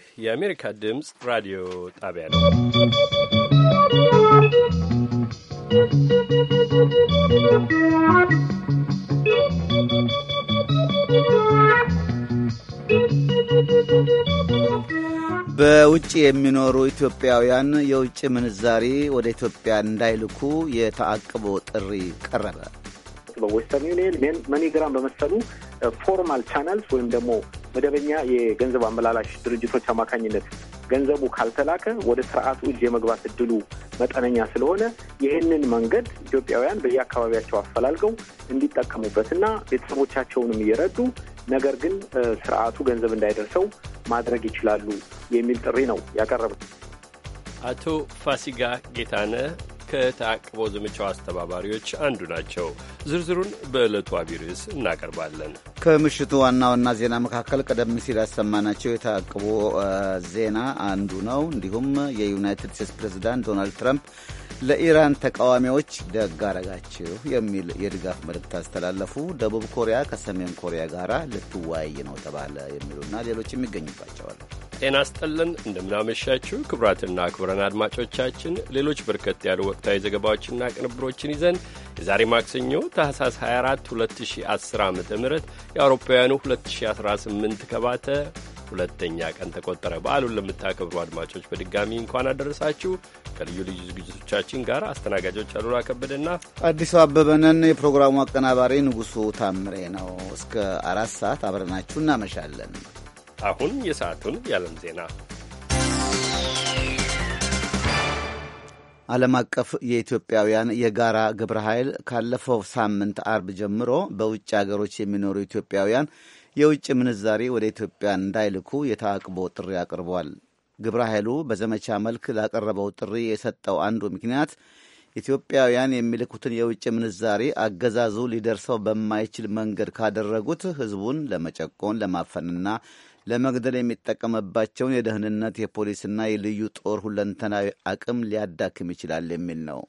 ይህ የአሜሪካ ድምፅ ራዲዮ ጣቢያ ነው። በውጭ የሚኖሩ ኢትዮጵያውያን የውጭ ምንዛሪ ወደ ኢትዮጵያ እንዳይልኩ የተአቅቦ ጥሪ ቀረበ። በዌስተርን ዩኒየን ሜኒግራም በመሰሉ ፎርማል ቻናልስ ወይም ደግሞ መደበኛ የገንዘብ አመላላሽ ድርጅቶች አማካኝነት ገንዘቡ ካልተላከ ወደ ስርዓቱ እጅ የመግባት እድሉ መጠነኛ ስለሆነ ይህንን መንገድ ኢትዮጵያውያን በየአካባቢያቸው አፈላልገው እንዲጠቀሙበትና ቤተሰቦቻቸውንም እየረዱ ነገር ግን ስርዓቱ ገንዘብ እንዳይደርሰው ማድረግ ይችላሉ የሚል ጥሪ ነው ያቀረበው። አቶ ፋሲጋ ጌታነህ ከታቅቦ ዘመቻው አስተባባሪዎች አንዱ ናቸው። ዝርዝሩን በዕለቱ አቢርስ እናቀርባለን። ከምሽቱ ዋና ዋና ዜና መካከል ቀደም ሲል ያሰማናቸው የታቅቦ ዜና አንዱ ነው። እንዲሁም የዩናይትድ ስቴትስ ፕሬዝዳንት ዶናልድ ትራምፕ ለኢራን ተቃዋሚዎች ደግ አረጋችሁ የሚል የድጋፍ መልእክት አስተላለፉ። ደቡብ ኮሪያ ከሰሜን ኮሪያ ጋር ልትወያይ ነው ተባለ የሚሉና ሌሎችም ይገኙባቸዋል። ጤና ስጠልን እንደምናመሻችው ክቡራትና ክቡራን አድማጮቻችን ሌሎች በርከት ያሉ ወቅታዊ ዘገባዎችና ቅንብሮችን ይዘን የዛሬ ማክሰኞ ታህሳስ 24 2010 ዓ ም የአውሮፓውያኑ 2018 ከባተ ሁለተኛ ቀን ተቆጠረ። በዓሉን ለምታከብሩ አድማጮች በድጋሚ እንኳን አደረሳችሁ። ከልዩ ልዩ ዝግጅቶቻችን ጋር አስተናጋጆች አሉላ ከበደና አዲሱ አበበንን የፕሮግራሙ አቀናባሪ ንጉሱ ታምሬ ነው። እስከ አራት ሰዓት አብረናችሁ እናመሻለን። አሁን የሰዓቱን የዓለም ዜና ዓለም አቀፍ የኢትዮጵያውያን የጋራ ግብረ ኃይል ካለፈው ሳምንት አርብ ጀምሮ በውጭ አገሮች የሚኖሩ ኢትዮጵያውያን የውጭ ምንዛሪ ወደ ኢትዮጵያ እንዳይልኩ የታቅቦ ጥሪ አቅርቧል። ግብረ ኃይሉ በዘመቻ መልክ ላቀረበው ጥሪ የሰጠው አንዱ ምክንያት ኢትዮጵያውያን የሚልኩትን የውጭ ምንዛሪ አገዛዙ ሊደርሰው በማይችል መንገድ ካደረጉት ሕዝቡን ለመጨቆን ለማፈንና ለመግደል የሚጠቀምባቸውን የደህንነት የፖሊስና የልዩ ጦር ሁለንተናዊ አቅም ሊያዳክም ይችላል የሚል ነው።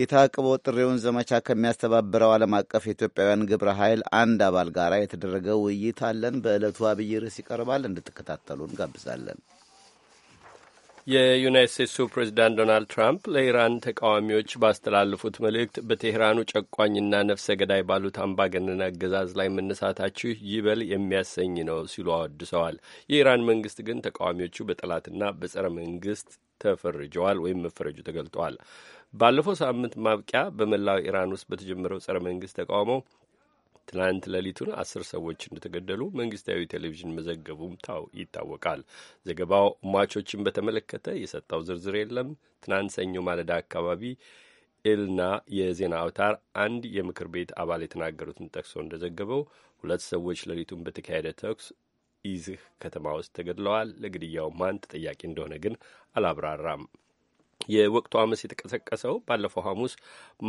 የታቅቦ ጥሪውን ዘመቻ ከሚያስተባብረው ዓለም አቀፍ የኢትዮጵያውያን ግብረ ኃይል አንድ አባል ጋር የተደረገ ውይይት አለን። በዕለቱ አብይ ርዕስ ይቀርባል። እንድትከታተሉ እንጋብዛለን። የዩናይት ስቴትሱ ፕሬዚዳንት ዶናልድ ትራምፕ ለኢራን ተቃዋሚዎች ባስተላለፉት መልእክት በቴህራኑ ጨቋኝና ነፍሰ ገዳይ ባሉት አምባገነን አገዛዝ ላይ መነሳታችሁ ይበል የሚያሰኝ ነው ሲሉ አወድሰዋል። የኢራን መንግስት ግን ተቃዋሚዎቹ በጠላትና በጸረ መንግስት ተፈርጀዋል ወይም መፈረጁ ተገልጠዋል። ባለፈው ሳምንት ማብቂያ በመላው ኢራን ውስጥ በተጀመረው ጸረ መንግስት ተቃውሞ ትናንት ሌሊቱን አስር ሰዎች እንደተገደሉ መንግስታዊ ቴሌቪዥን መዘገቡም ይታወቃል። ዘገባው ሟቾችን በተመለከተ የሰጠው ዝርዝር የለም። ትናንት ሰኞ ማለዳ አካባቢ ኤልና የዜና አውታር አንድ የምክር ቤት አባል የተናገሩትን ጠቅሶ እንደዘገበው ሁለት ሰዎች ሌሊቱን በተካሄደ ተኩስ ይዝህ ከተማ ውስጥ ተገድለዋል። ለግድያው ማን ተጠያቂ እንደሆነ ግን አላብራራም። የወቅቱ አመስ የተቀሰቀሰው ባለፈው ሐሙስ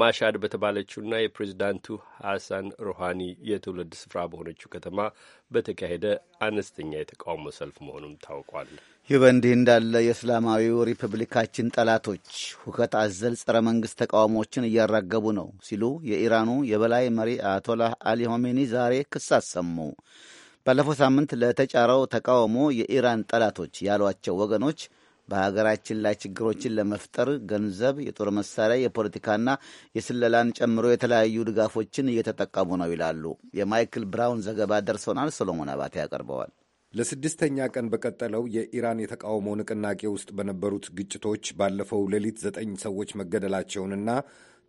ማሻድ በተባለችውና የፕሬዚዳንቱ ሐሰን ሩሃኒ የትውልድ ስፍራ በሆነችው ከተማ በተካሄደ አነስተኛ የተቃውሞ ሰልፍ መሆኑም ታውቋል። ይህ በእንዲህ እንዳለ የእስላማዊው ሪፐብሊካችን ጠላቶች ሁከት አዘል ጸረ መንግሥት ተቃውሞዎችን እያራገቡ ነው ሲሉ የኢራኑ የበላይ መሪ አያቶላህ አሊ ሆሜኒ ዛሬ ክስ አሰሙ። ባለፈው ሳምንት ለተጫረው ተቃውሞ የኢራን ጠላቶች ያሏቸው ወገኖች በሀገራችን ላይ ችግሮችን ለመፍጠር ገንዘብ፣ የጦር መሳሪያ፣ የፖለቲካና የስለላን ጨምሮ የተለያዩ ድጋፎችን እየተጠቀሙ ነው ይላሉ። የማይክል ብራውን ዘገባ ደርሶናል። ሰሎሞን አባቴ ያቀርበዋል። ለስድስተኛ ቀን በቀጠለው የኢራን የተቃውሞ ንቅናቄ ውስጥ በነበሩት ግጭቶች ባለፈው ሌሊት ዘጠኝ ሰዎች መገደላቸውንና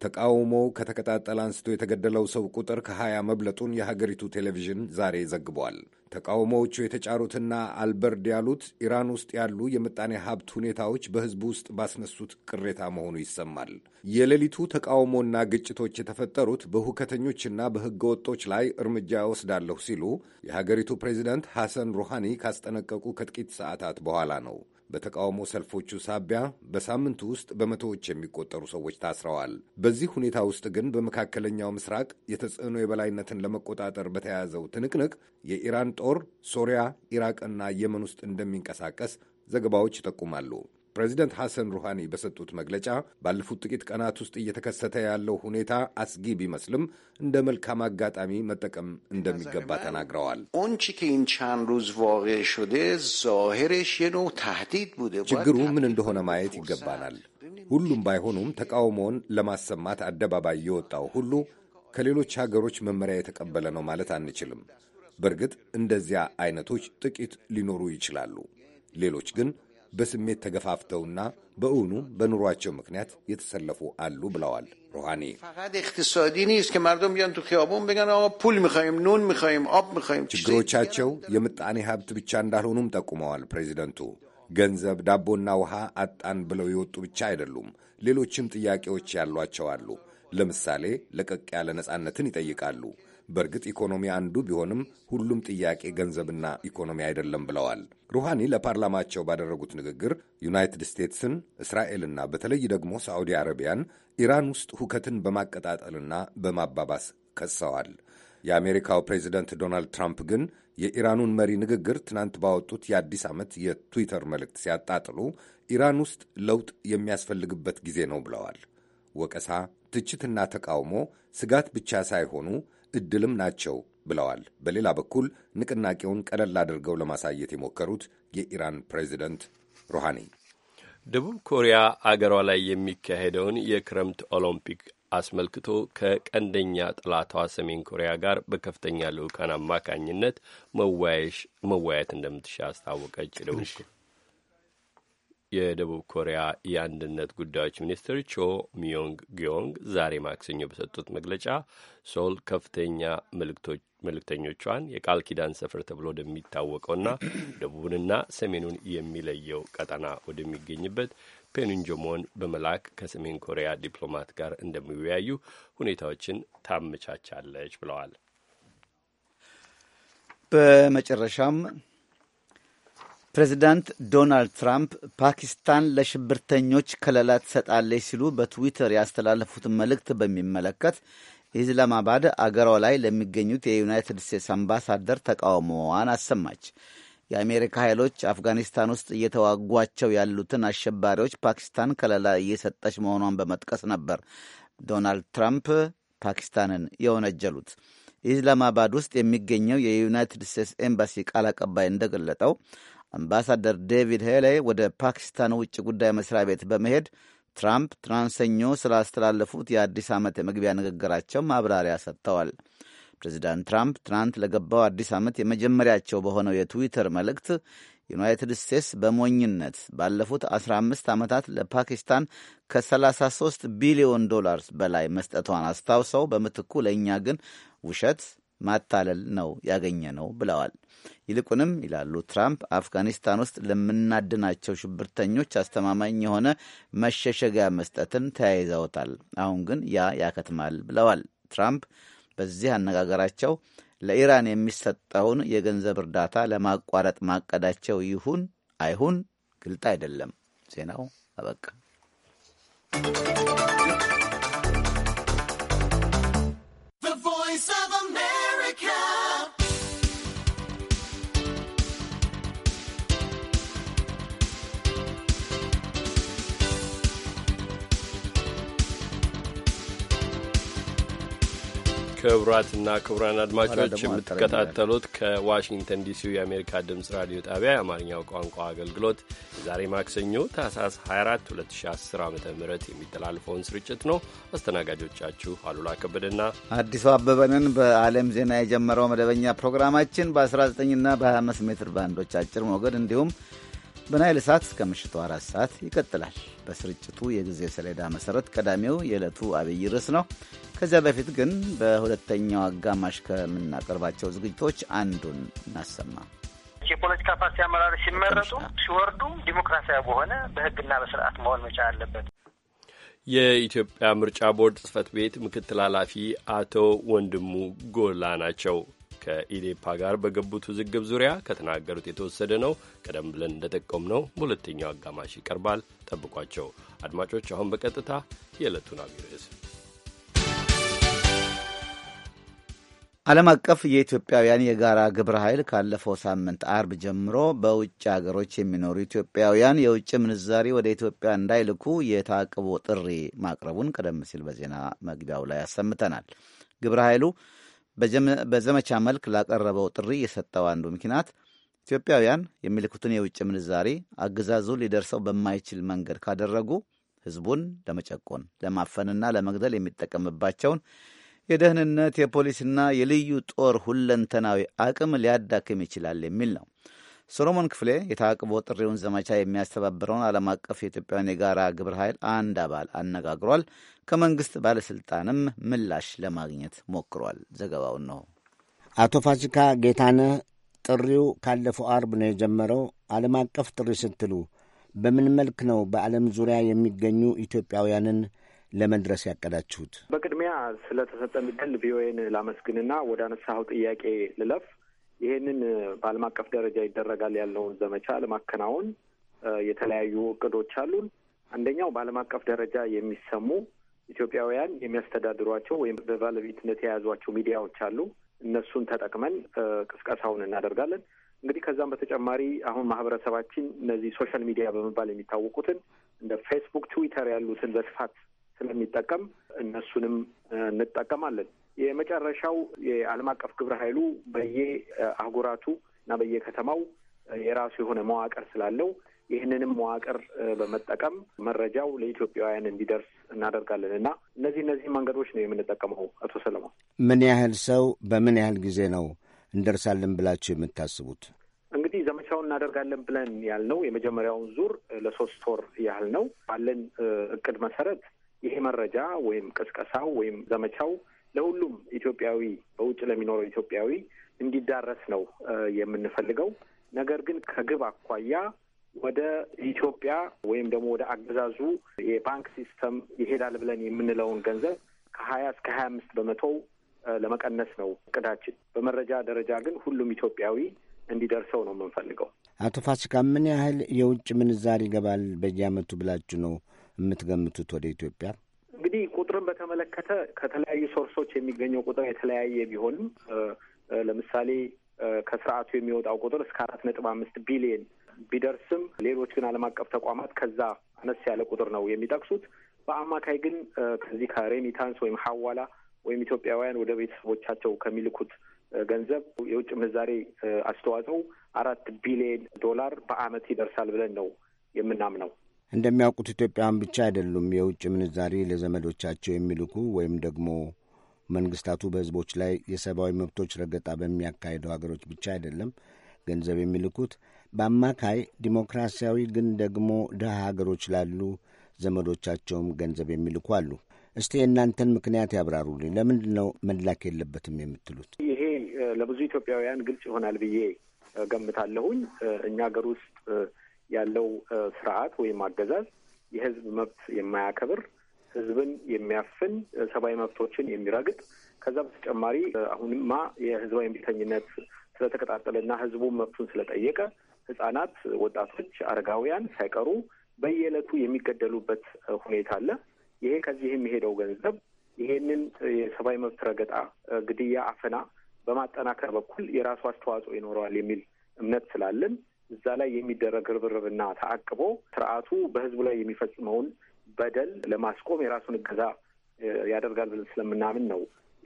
ተቃውሞው ከተቀጣጠለ አንስቶ የተገደለው ሰው ቁጥር ከ20 መብለጡን የሀገሪቱ ቴሌቪዥን ዛሬ ዘግቧል። ተቃውሞዎቹ የተጫሩትና አልበርድ ያሉት ኢራን ውስጥ ያሉ የምጣኔ ሀብት ሁኔታዎች በሕዝቡ ውስጥ ባስነሱት ቅሬታ መሆኑ ይሰማል። የሌሊቱ ተቃውሞና ግጭቶች የተፈጠሩት በሁከተኞችና በሕገ ወጦች ላይ እርምጃ ወስዳለሁ ሲሉ የሀገሪቱ ፕሬዚደንት ሐሰን ሩሃኒ ካስጠነቀቁ ከጥቂት ሰዓታት በኋላ ነው። በተቃውሞ ሰልፎቹ ሳቢያ በሳምንቱ ውስጥ በመቶዎች የሚቆጠሩ ሰዎች ታስረዋል። በዚህ ሁኔታ ውስጥ ግን በመካከለኛው ምስራቅ የተጽዕኖ የበላይነትን ለመቆጣጠር በተያያዘው ትንቅንቅ የኢራን ጦር ሶሪያ፣ ኢራቅና የመን ውስጥ እንደሚንቀሳቀስ ዘገባዎች ይጠቁማሉ። ፕሬዚደንት ሐሰን ሩሃኒ በሰጡት መግለጫ ባለፉት ጥቂት ቀናት ውስጥ እየተከሰተ ያለው ሁኔታ አስጊ ቢመስልም እንደ መልካም አጋጣሚ መጠቀም እንደሚገባ ተናግረዋል። ችግሩ ምን እንደሆነ ማየት ይገባናል። ሁሉም ባይሆኑም ተቃውሞውን ለማሰማት አደባባይ የወጣው ሁሉ ከሌሎች ሀገሮች መመሪያ የተቀበለ ነው ማለት አንችልም። በእርግጥ እንደዚያ አይነቶች ጥቂት ሊኖሩ ይችላሉ። ሌሎች ግን በስሜት ተገፋፍተውና በእውኑ በኑሯቸው ምክንያት የተሰለፉ አሉ ብለዋል ሩሃኒ። ችግሮቻቸው የምጣኔ ሀብት ብቻ እንዳልሆኑም ጠቁመዋል ፕሬዚደንቱ። ገንዘብ፣ ዳቦና ውሃ አጣን ብለው የወጡ ብቻ አይደሉም። ሌሎችም ጥያቄዎች ያሏቸው አሉ። ለምሳሌ ለቀቅ ያለ ነጻነትን ይጠይቃሉ። በእርግጥ ኢኮኖሚ አንዱ ቢሆንም ሁሉም ጥያቄ ገንዘብና ኢኮኖሚ አይደለም ብለዋል። ሩሃኒ ለፓርላማቸው ባደረጉት ንግግር ዩናይትድ ስቴትስን፣ እስራኤልና በተለይ ደግሞ ሳዑዲ አረቢያን ኢራን ውስጥ ሁከትን በማቀጣጠልና በማባባስ ከሰዋል። የአሜሪካው ፕሬዚደንት ዶናልድ ትራምፕ ግን የኢራኑን መሪ ንግግር ትናንት ባወጡት የአዲስ ዓመት የትዊተር መልእክት ሲያጣጥሉ ኢራን ውስጥ ለውጥ የሚያስፈልግበት ጊዜ ነው ብለዋል። ወቀሳ፣ ትችትና ተቃውሞ ስጋት ብቻ ሳይሆኑ እድልም ናቸው ብለዋል። በሌላ በኩል ንቅናቄውን ቀለል አድርገው ለማሳየት የሞከሩት የኢራን ፕሬዚደንት ሩሃኒ ደቡብ ኮሪያ አገሯ ላይ የሚካሄደውን የክረምት ኦሎምፒክ አስመልክቶ ከቀንደኛ ጠላቷ ሰሜን ኮሪያ ጋር በከፍተኛ ልዑካን አማካኝነት መወያየት እንደምትሻ አስታወቀች። የደቡብ ኮሪያ የአንድነት ጉዳዮች ሚኒስትር ቾ ሚዮንግ ጊዮንግ ዛሬ ማክሰኞ በሰጡት መግለጫ ሶል ከፍተኛ መልእክተኞቿን የቃል ኪዳን ሰፈር ተብሎ ወደሚታወቀውና ደቡብንና ሰሜኑን የሚለየው ቀጠና ወደሚገኝበት ፔኑንጆሞን በመላክ ከሰሜን ኮሪያ ዲፕሎማት ጋር እንደሚወያዩ ሁኔታዎችን ታመቻቻለች ብለዋል። በመጨረሻም ፕሬዚዳንት ዶናልድ ትራምፕ ፓኪስታን ለሽብርተኞች ከለላ ትሰጣለች ሲሉ በትዊተር ያስተላለፉትን መልእክት በሚመለከት ኢስላማባድ አገሯ ላይ ለሚገኙት የዩናይትድ ስቴትስ አምባሳደር ተቃውሞዋን አሰማች። የአሜሪካ ኃይሎች አፍጋኒስታን ውስጥ እየተዋጓቸው ያሉትን አሸባሪዎች ፓኪስታን ከለላ እየሰጠች መሆኗን በመጥቀስ ነበር ዶናልድ ትራምፕ ፓኪስታንን የወነጀሉት። ኢስላማባድ ውስጥ የሚገኘው የዩናይትድ ስቴትስ ኤምባሲ ቃል አቀባይ እንደገለጠው አምባሳደር ዴቪድ ሄሌ ወደ ፓኪስታን ውጭ ጉዳይ መስሪያ ቤት በመሄድ ትራምፕ ትራንሰኞ ስላስተላለፉት የአዲስ ዓመት የመግቢያ ንግግራቸው ማብራሪያ ሰጥተዋል። ፕሬዚዳንት ትራምፕ ትናንት ለገባው አዲስ ዓመት የመጀመሪያቸው በሆነው የትዊተር መልእክት ዩናይትድ ስቴትስ በሞኝነት ባለፉት 15 ዓመታት ለፓኪስታን ከ33 ቢሊዮን ዶላር በላይ መስጠቷን አስታውሰው በምትኩ ለእኛ ግን ውሸት፣ ማታለል ነው ያገኘ ነው ብለዋል። ይልቁንም ይላሉ ትራምፕ አፍጋኒስታን ውስጥ ለምናድናቸው ሽብርተኞች አስተማማኝ የሆነ መሸሸጊያ መስጠትን ተያይዘውታል። አሁን ግን ያ ያከትማል ብለዋል ትራምፕ በዚህ አነጋገራቸው ለኢራን የሚሰጠውን የገንዘብ እርዳታ ለማቋረጥ ማቀዳቸው ይሁን አይሁን ግልጥ አይደለም። ዜናው አበቃ። ክቡራትና ክቡራን አድማጮች የምትከታተሉት ከዋሽንግተን ዲሲ የአሜሪካ ድምፅ ራዲዮ ጣቢያ የአማርኛው ቋንቋ አገልግሎት ዛሬ ማክሰኞ ታህሳስ 24 2010 ዓ ም የሚተላልፈውን ስርጭት ነው። አስተናጋጆቻችሁ አሉላ ከበደና አዲሱ አበበንን በዓለም ዜና የጀመረው መደበኛ ፕሮግራማችን በ19ና በ25 ሜትር ባንዶች አጭር ሞገድ እንዲሁም በናይል ሳት እስከ ምሽቱ አራት ሰዓት ይቀጥላል። በስርጭቱ የጊዜ ሰሌዳ መሰረት ቀዳሚው የዕለቱ አብይ ርዕስ ነው። ከዚያ በፊት ግን በሁለተኛው አጋማሽ ከምናቀርባቸው ዝግጅቶች አንዱን እናሰማ። የፖለቲካ ፓርቲ አመራሮች ሲመረጡ ሲወርዱ ዲሞክራሲያዊ በሆነ በህግና በስርዓት መሆን መቻል አለበት። የኢትዮጵያ ምርጫ ቦርድ ጽህፈት ቤት ምክትል ኃላፊ አቶ ወንድሙ ጎላ ናቸው። ከኢዴፓ ጋር በገቡት ውዝግብ ዙሪያ ከተናገሩት የተወሰደ ነው። ቀደም ብለን እንደጠቆም ነው በሁለተኛው አጋማሽ ይቀርባል። ጠብቋቸው አድማጮች። አሁን በቀጥታ የዕለቱን አብርስ ዓለም አቀፍ የኢትዮጵያውያን የጋራ ግብረ ኃይል ካለፈው ሳምንት አርብ ጀምሮ በውጭ አገሮች የሚኖሩ ኢትዮጵያውያን የውጭ ምንዛሪ ወደ ኢትዮጵያ እንዳይልኩ የታቅቦ ጥሪ ማቅረቡን ቀደም ሲል በዜና መግቢያው ላይ ያሰምተናል። ግብረ ኃይሉ በዘመቻ መልክ ላቀረበው ጥሪ የሰጠው አንዱ ምክንያት ኢትዮጵያውያን የሚልኩትን የውጭ ምንዛሬ አገዛዙ ሊደርሰው በማይችል መንገድ ካደረጉ ሕዝቡን ለመጨቆን ለማፈንና ለመግደል የሚጠቀምባቸውን የደህንነት የፖሊስና የልዩ ጦር ሁለንተናዊ አቅም ሊያዳክም ይችላል የሚል ነው። ሶሎሞን ክፍሌ የታቅቦ ጥሪውን ዘመቻ የሚያስተባብረውን ዓለም አቀፍ የኢትዮጵያን የጋራ ግብረ ኃይል አንድ አባል አነጋግሯል። ከመንግስት ባለሥልጣንም ምላሽ ለማግኘት ሞክሯል። ዘገባውን ነው አቶ ፋሲካ ጌታነህ። ጥሪው ካለፈው አርብ ነው የጀመረው። ዓለም አቀፍ ጥሪ ስትሉ በምን መልክ ነው በዓለም ዙሪያ የሚገኙ ኢትዮጵያውያንን ለመድረስ ያቀዳችሁት? በቅድሚያ ስለተሰጠ ምድል ቪኦኤን ላመስግንና ወደ አነሳኸው ጥያቄ ልለፍ። ይህንን በዓለም አቀፍ ደረጃ ይደረጋል ያለውን ዘመቻ ለማከናወን የተለያዩ እቅዶች አሉን። አንደኛው በዓለም አቀፍ ደረጃ የሚሰሙ ኢትዮጵያውያን የሚያስተዳድሯቸው ወይም በባለቤትነት የያዟቸው ሚዲያዎች አሉ። እነሱን ተጠቅመን ቅስቀሳውን እናደርጋለን። እንግዲህ ከዛም በተጨማሪ አሁን ማህበረሰባችን እነዚህ ሶሻል ሚዲያ በመባል የሚታወቁትን እንደ ፌስቡክ፣ ትዊተር ያሉትን በስፋት ስለሚጠቀም እነሱንም እንጠቀማለን። የመጨረሻው የዓለም አቀፍ ግብረ ኃይሉ በየ አህጉራቱ እና በየከተማው የራሱ የሆነ መዋቅር ስላለው ይህንንም መዋቅር በመጠቀም መረጃው ለኢትዮጵያውያን እንዲደርስ እናደርጋለን እና እነዚህ እነዚህ መንገዶች ነው የምንጠቀመው። አቶ ሰለሞን፣ ምን ያህል ሰው በምን ያህል ጊዜ ነው እንደርሳለን ብላችሁ የምታስቡት? እንግዲህ ዘመቻውን እናደርጋለን ብለን ያልነው የመጀመሪያውን ዙር ለሶስት ወር ያህል ነው። ባለን እቅድ መሰረት ይሄ መረጃ ወይም ቅስቀሳው ወይም ዘመቻው ለሁሉም ኢትዮጵያዊ በውጭ ለሚኖረው ኢትዮጵያዊ እንዲዳረስ ነው የምንፈልገው። ነገር ግን ከግብ አኳያ ወደ ኢትዮጵያ ወይም ደግሞ ወደ አገዛዙ የባንክ ሲስተም ይሄዳል ብለን የምንለውን ገንዘብ ከሀያ እስከ ሀያ አምስት በመቶው ለመቀነስ ነው እቅዳችን። በመረጃ ደረጃ ግን ሁሉም ኢትዮጵያዊ እንዲደርሰው ነው የምንፈልገው። አቶ ፋሲካ ምን ያህል የውጭ ምንዛሪ ይገባል በየዓመቱ ብላችሁ ነው የምትገምቱት ወደ ኢትዮጵያ? እንግዲህ ቁጥርን በተመለከተ ከተለያዩ ሶርሶች የሚገኘው ቁጥር የተለያየ ቢሆንም ለምሳሌ ከስርዓቱ የሚወጣው ቁጥር እስከ አራት ነጥብ አምስት ቢሊየን ቢደርስም ሌሎች ግን ዓለም አቀፍ ተቋማት ከዛ አነስ ያለ ቁጥር ነው የሚጠቅሱት። በአማካይ ግን ከዚህ ከሬሚታንስ ወይም ሀዋላ ወይም ኢትዮጵያውያን ወደ ቤተሰቦቻቸው ከሚልኩት ገንዘብ የውጭ ምንዛሬ አስተዋጽኦ አራት ቢሊየን ዶላር በአመት ይደርሳል ብለን ነው የምናምነው። እንደሚያውቁት ኢትዮጵያን ብቻ አይደሉም የውጭ ምንዛሪ ለዘመዶቻቸው የሚልኩ ወይም ደግሞ መንግስታቱ በህዝቦች ላይ የሰብአዊ መብቶች ረገጣ በሚያካሂዱ ሀገሮች ብቻ አይደለም ገንዘብ የሚልኩት በአማካይ ዲሞክራሲያዊ ግን ደግሞ ድሀ ሀገሮች ላሉ ዘመዶቻቸውም ገንዘብ የሚልኩ አሉ። እስቲ የእናንተን ምክንያት ያብራሩልኝ። ለምንድን ነው መላክ የለበትም የምትሉት? ይሄ ለብዙ ኢትዮጵያውያን ግልጽ ይሆናል ብዬ ገምታለሁኝ። እኛ ሀገር ውስጥ ያለው ስርዓት ወይም አገዛዝ የህዝብ መብት የማያከብር፣ ህዝብን የሚያፍን፣ ሰብአዊ መብቶችን የሚረግጥ ከዛ በተጨማሪ አሁንማ የህዝባዊ እምቢተኝነት ስለተቀጣጠለና ህዝቡን መብቱን ስለጠየቀ ህጻናት፣ ወጣቶች፣ አረጋውያን ሳይቀሩ በየዕለቱ የሚገደሉበት ሁኔታ አለ። ይሄ ከዚህ የሚሄደው ገንዘብ ይሄንን የሰብአዊ መብት ረገጣ፣ ግድያ፣ አፈና በማጠናከር በኩል የራሱ አስተዋጽኦ ይኖረዋል የሚል እምነት ስላለን እዛ ላይ የሚደረግ ርብርብና ተአቅቦ ስርዓቱ በህዝቡ ላይ የሚፈጽመውን በደል ለማስቆም የራሱን እገዛ ያደርጋል ብለን ስለምናምን ነው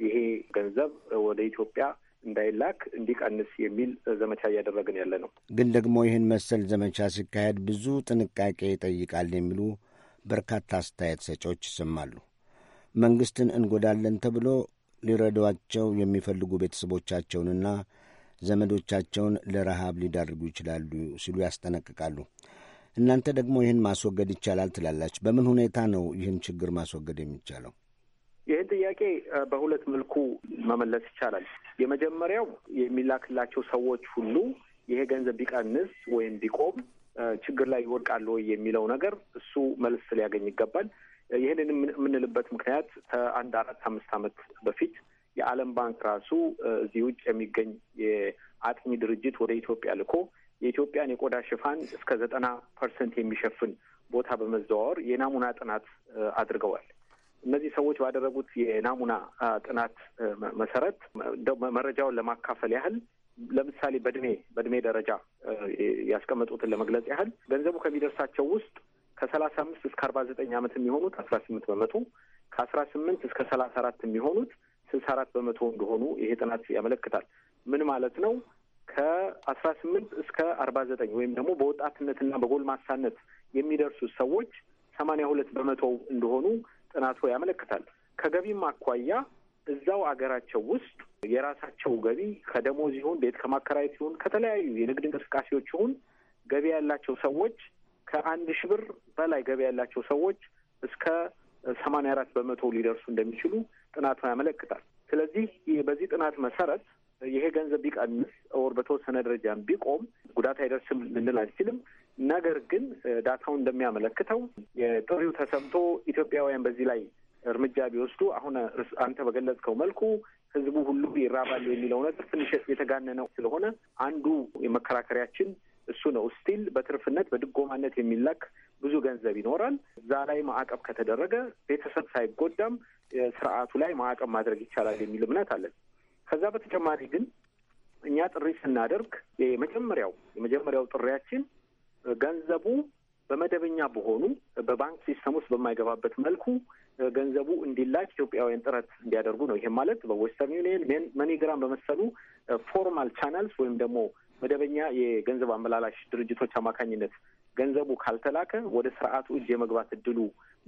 ይሄ ገንዘብ ወደ ኢትዮጵያ እንዳይላክ እንዲቀንስ የሚል ዘመቻ እያደረግን ያለ ነው። ግን ደግሞ ይህን መሰል ዘመቻ ሲካሄድ ብዙ ጥንቃቄ ይጠይቃል የሚሉ በርካታ አስተያየት ሰጪዎች ይሰማሉ። መንግስትን እንጎዳለን ተብሎ ሊረዷቸው የሚፈልጉ ቤተሰቦቻቸውንና ዘመዶቻቸውን ለረሃብ ሊዳርጉ ይችላሉ ሲሉ ያስጠነቅቃሉ። እናንተ ደግሞ ይህን ማስወገድ ይቻላል ትላላችሁ። በምን ሁኔታ ነው ይህን ችግር ማስወገድ የሚቻለው? ይህን ጥያቄ በሁለት መልኩ መመለስ ይቻላል። የመጀመሪያው የሚላክላቸው ሰዎች ሁሉ ይሄ ገንዘብ ቢቀንስ ወይም ቢቆም ችግር ላይ ይወድቃሉ ወይ የሚለው ነገር እሱ መልስ ሊያገኝ ይገባል። ይህንን የምንልበት ምክንያት ከአንድ አራት አምስት ዓመት በፊት የዓለም ባንክ ራሱ እዚህ ውጭ የሚገኝ የአጥኚ ድርጅት ወደ ኢትዮጵያ ልኮ የኢትዮጵያን የቆዳ ሽፋን እስከ ዘጠና ፐርሰንት የሚሸፍን ቦታ በመዘዋወር የናሙና ጥናት አድርገዋል። እነዚህ ሰዎች ባደረጉት የናሙና ጥናት መሰረት መረጃውን ለማካፈል ያህል ለምሳሌ በእድሜ በእድሜ ደረጃ ያስቀመጡትን ለመግለጽ ያህል ገንዘቡ ከሚደርሳቸው ውስጥ ከሰላሳ አምስት እስከ አርባ ዘጠኝ ዓመት የሚሆኑት አስራ ስምንት በመቶ ከአስራ ስምንት እስከ ሰላሳ አራት የሚሆኑት ስልሳ አራት በመቶ እንደሆኑ ይሄ ጥናት ያመለክታል። ምን ማለት ነው? ከአስራ ስምንት እስከ አርባ ዘጠኝ ወይም ደግሞ በወጣትነትና በጎልማሳነት የሚደርሱ ሰዎች ሰማንያ ሁለት በመቶ እንደሆኑ ጥናቱ ያመለክታል። ከገቢም አኳያ እዛው አገራቸው ውስጥ የራሳቸው ገቢ ከደሞዝ ይሁን ቤት ከማከራየት ይሁን ከተለያዩ የንግድ እንቅስቃሴዎች ይሁን ገቢ ያላቸው ሰዎች ከአንድ ሺህ ብር በላይ ገቢ ያላቸው ሰዎች እስከ ሰማንያ አራት በመቶ ሊደርሱ እንደሚችሉ ጥናቱ ያመለክታል። ስለዚህ በዚህ ጥናት መሰረት ይሄ ገንዘብ ቢቀንስ ኦር በተወሰነ ደረጃ ቢቆም ጉዳት አይደርስም ልንል አንችልም። ነገር ግን ዳታው እንደሚያመለክተው የጥሪው ተሰምቶ ኢትዮጵያውያን በዚህ ላይ እርምጃ ቢወስዱ አሁን አንተ በገለጽከው መልኩ ህዝቡ ሁሉ ይራባል የሚለው ነገር ትንሽ የተጋነነው ስለሆነ አንዱ የመከራከሪያችን እሱ ነው ስቲል በትርፍነት በድጎማነት የሚላክ ብዙ ገንዘብ ይኖራል። እዛ ላይ ማዕቀብ ከተደረገ ቤተሰብ ሳይጎዳም ስርዓቱ ላይ ማዕቀብ ማድረግ ይቻላል የሚል እምነት አለን። ከዛ በተጨማሪ ግን እኛ ጥሪ ስናደርግ የመጀመሪያው የመጀመሪያው ጥሪያችን ገንዘቡ በመደበኛ በሆኑ በባንክ ሲስተም ውስጥ በማይገባበት መልኩ ገንዘቡ እንዲላክ ኢትዮጵያውያን ጥረት እንዲያደርጉ ነው። ይህም ማለት በዌስተርን ዩኒየን፣ መኒግራም በመሰሉ ፎርማል ቻናልስ ወይም ደግሞ መደበኛ የገንዘብ አመላላሽ ድርጅቶች አማካኝነት ገንዘቡ ካልተላከ ወደ ስርዓቱ እጅ የመግባት እድሉ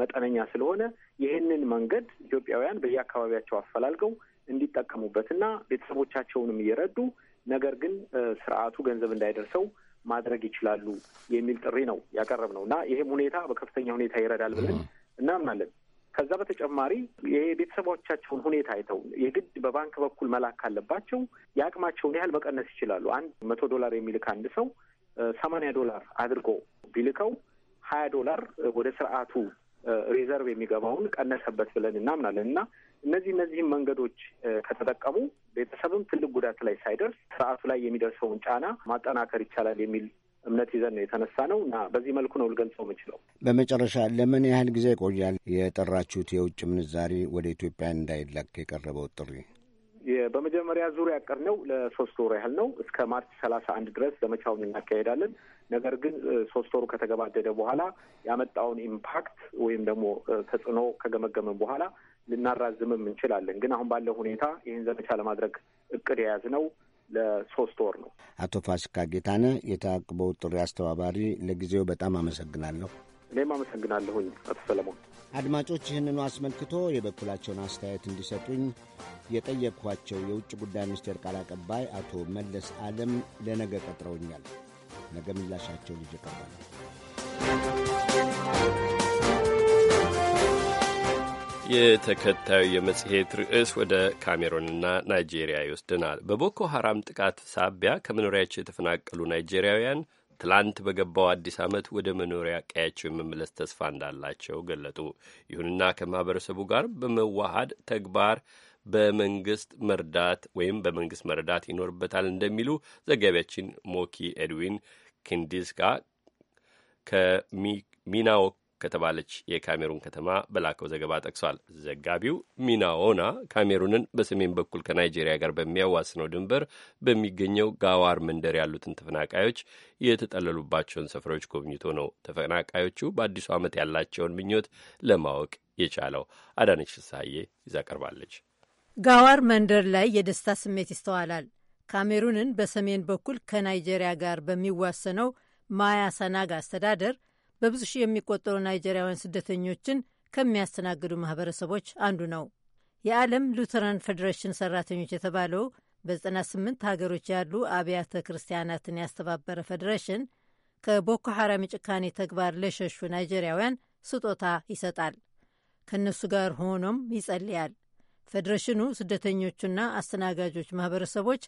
መጠነኛ ስለሆነ ይህንን መንገድ ኢትዮጵያውያን በየአካባቢያቸው አፈላልገው እንዲጠቀሙበትና ቤተሰቦቻቸውንም እየረዱ ነገር ግን ስርዓቱ ገንዘብ እንዳይደርሰው ማድረግ ይችላሉ የሚል ጥሪ ነው ያቀረብ ነው እና ይህም ሁኔታ በከፍተኛ ሁኔታ ይረዳል ብለን እናምናለን። ከዛ በተጨማሪ የቤተሰቦቻቸውን ሁኔታ አይተው የግድ በባንክ በኩል መላክ ካለባቸው የአቅማቸውን ያህል መቀነስ ይችላሉ። አንድ መቶ ዶላር የሚልክ አንድ ሰው ሰማንያ ዶላር አድርጎ ቢልከው ሀያ ዶላር ወደ ስርዓቱ ሪዘርቭ የሚገባውን ቀነሰበት ብለን እናምናለን እና እነዚህ እነዚህም መንገዶች ከተጠቀሙ ቤተሰብም ትልቅ ጉዳት ላይ ሳይደርስ ስርዓቱ ላይ የሚደርሰውን ጫና ማጠናከር ይቻላል የሚል እምነት ይዘን የተነሳ ነው እና በዚህ መልኩ ነው ልገልጸው የምችለው። በመጨረሻ ለምን ያህል ጊዜ ይቆያል የጠራችሁት የውጭ ምንዛሪ ወደ ኢትዮጵያ እንዳይላክ የቀረበው ጥሪ? በመጀመሪያ ዙር ያቀድነው ለሶስት ወር ያህል ነው። እስከ ማርች ሰላሳ አንድ ድረስ ዘመቻውን እናካሄዳለን። ነገር ግን ሶስት ወሩ ከተገባደደ በኋላ ያመጣውን ኢምፓክት ወይም ደግሞ ተጽዕኖ ከገመገመን በኋላ ልናራዝምም እንችላለን። ግን አሁን ባለው ሁኔታ ይህን ዘመቻ ለማድረግ እቅድ የያዝነው ለሶስት ወር ነው። አቶ ፋሲካ ጌታነ የታቅበው ጥሪ አስተባባሪ፣ ለጊዜው በጣም አመሰግናለሁ። እኔም አመሰግናለሁኝ አቶ ሰለሞን። አድማጮች ይህንኑ አስመልክቶ የበኩላቸውን አስተያየት እንዲሰጡኝ የጠየቅኳቸው የውጭ ጉዳይ ሚኒስቴር ቃል አቀባይ አቶ መለስ አለም ለነገ ቀጥረውኛል። ነገ ምላሻቸው ልጅ ቀርባል። የተከታዩ የመጽሔት ርዕስ ወደ ካሜሮንና ናይጄሪያ ይወስደናል። በቦኮ ሐራም ጥቃት ሳቢያ ከመኖሪያቸው የተፈናቀሉ ናይጄሪያውያን ትላንት በገባው አዲስ ዓመት ወደ መኖሪያ ቀያቸው የመመለስ ተስፋ እንዳላቸው ገለጡ። ይሁንና ከማህበረሰቡ ጋር በመዋሃድ ተግባር በመንግስት መርዳት ወይም በመንግስት መረዳት ይኖርበታል እንደሚሉ ዘጋቢያችን ሞኪ ኤድዊን ክንዲስካ ከሚናዎክ ከተባለች የካሜሩን ከተማ በላከው ዘገባ ጠቅሷል። ዘጋቢው ሚናኦና ካሜሩንን በሰሜን በኩል ከናይጄሪያ ጋር በሚያዋስነው ድንበር በሚገኘው ጋዋር መንደር ያሉትን ተፈናቃዮች የተጠለሉባቸውን ሰፈሮች ጎብኝቶ ነው ተፈናቃዮቹ በአዲሱ ዓመት ያላቸውን ምኞት ለማወቅ የቻለው። አዳነች ፍስሐዬ ይዛ ቀርባለች። ጋዋር መንደር ላይ የደስታ ስሜት ይስተዋላል። ካሜሩንን በሰሜን በኩል ከናይጄሪያ ጋር በሚዋሰነው ማያሳናጋ አስተዳደር በብዙ ሺህ የሚቆጠሩ ናይጄሪያውያን ስደተኞችን ከሚያስተናግዱ ማህበረሰቦች አንዱ ነው። የዓለም ሉተራን ፌዴሬሽን ሰራተኞች የተባለው በ98 ሀገሮች ያሉ አብያተ ክርስቲያናትን ያስተባበረ ፌዴሬሽን ከቦኮ ሐራም ጭካኔ ተግባር ለሸሹ ናይጄሪያውያን ስጦታ ይሰጣል። ከእነሱ ጋር ሆኖም ይጸልያል። ፌዴሬሽኑ ስደተኞቹና አስተናጋጆች ማህበረሰቦች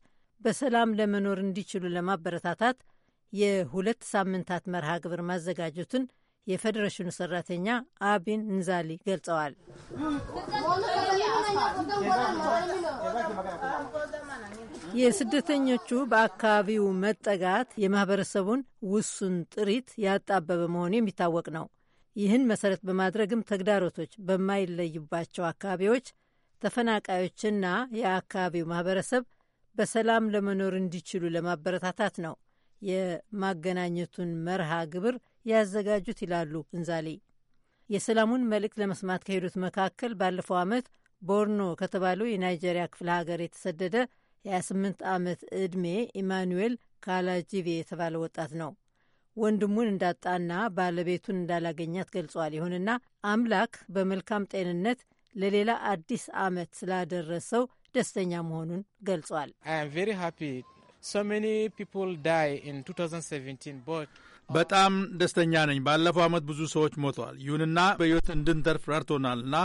በሰላም ለመኖር እንዲችሉ ለማበረታታት የሁለት ሳምንታት መርሃ ግብር ማዘጋጀቱን የፌዴሬሽኑ ሰራተኛ አቢን ንዛሊ ገልጸዋል። የስደተኞቹ በአካባቢው መጠጋት የማህበረሰቡን ውሱን ጥሪት ያጣበበ መሆኑ የሚታወቅ ነው። ይህን መሰረት በማድረግም ተግዳሮቶች በማይለዩባቸው አካባቢዎች ተፈናቃዮችና የአካባቢው ማህበረሰብ በሰላም ለመኖር እንዲችሉ ለማበረታታት ነው የማገናኘቱን መርሃ ግብር ያዘጋጁት ይላሉ እንዛሌ። የሰላሙን መልእክት ለመስማት ከሄዱት መካከል ባለፈው ዓመት ቦርኖ ከተባለው የናይጄሪያ ክፍለ ሀገር የተሰደደ የ28 ዓመት ዕድሜ ኢማኑኤል ካላጂቬ የተባለ ወጣት ነው። ወንድሙን እንዳጣና ባለቤቱን እንዳላገኛት ገልጿል። ይሁንና አምላክ በመልካም ጤንነት ለሌላ አዲስ ዓመት ስላደረሰው ደስተኛ መሆኑን ገልጿል። በጣም ደስተኛ ነኝ። ባለፈው ዓመት ብዙ ሰዎች ሞተዋል። ይሁንና በሕይወት እንድንተርፍ ረድቶናልና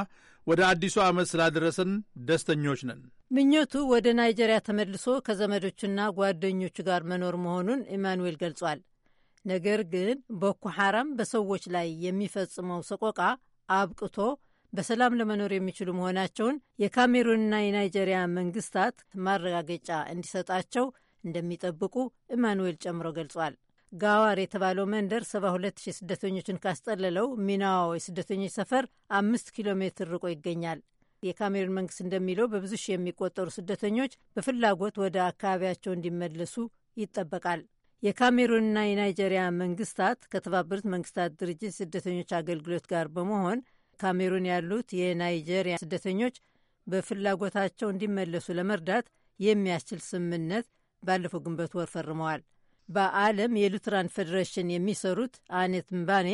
ወደ አዲሱ ዓመት ስላደረሰን ደስተኞች ነን። ምኞቱ ወደ ናይጄሪያ ተመልሶ ከዘመዶችና ጓደኞቹ ጋር መኖር መሆኑን ኢማኑዌል ገልጿል። ነገር ግን ቦኮ ሐራም በሰዎች ላይ የሚፈጽመው ሰቆቃ አብቅቶ በሰላም ለመኖር የሚችሉ መሆናቸውን የካሜሩንና የናይጄሪያ መንግስታት ማረጋገጫ እንዲሰጣቸው እንደሚጠብቁ ኢማኑዌል ጨምሮ ገልጿል። ጋዋር የተባለው መንደር 72000 ስደተኞችን ካስጠለለው ሚናዋ የስደተኞች ሰፈር አምስት ኪሎ ሜትር ርቆ ይገኛል። የካሜሩን መንግስት እንደሚለው በብዙ ሺህ የሚቆጠሩ ስደተኞች በፍላጎት ወደ አካባቢያቸው እንዲመለሱ ይጠበቃል። የካሜሩንና የናይጄሪያ መንግስታት ከተባበሩት መንግስታት ድርጅት ስደተኞች አገልግሎት ጋር በመሆን ካሜሩን ያሉት የናይጄሪያ ስደተኞች በፍላጎታቸው እንዲመለሱ ለመርዳት የሚያስችል ስምምነት ባለፈው ግንቦት ወር ፈርመዋል። በዓለም የሉትራን ፌዴሬሽን የሚሰሩት አኔት ምባኔ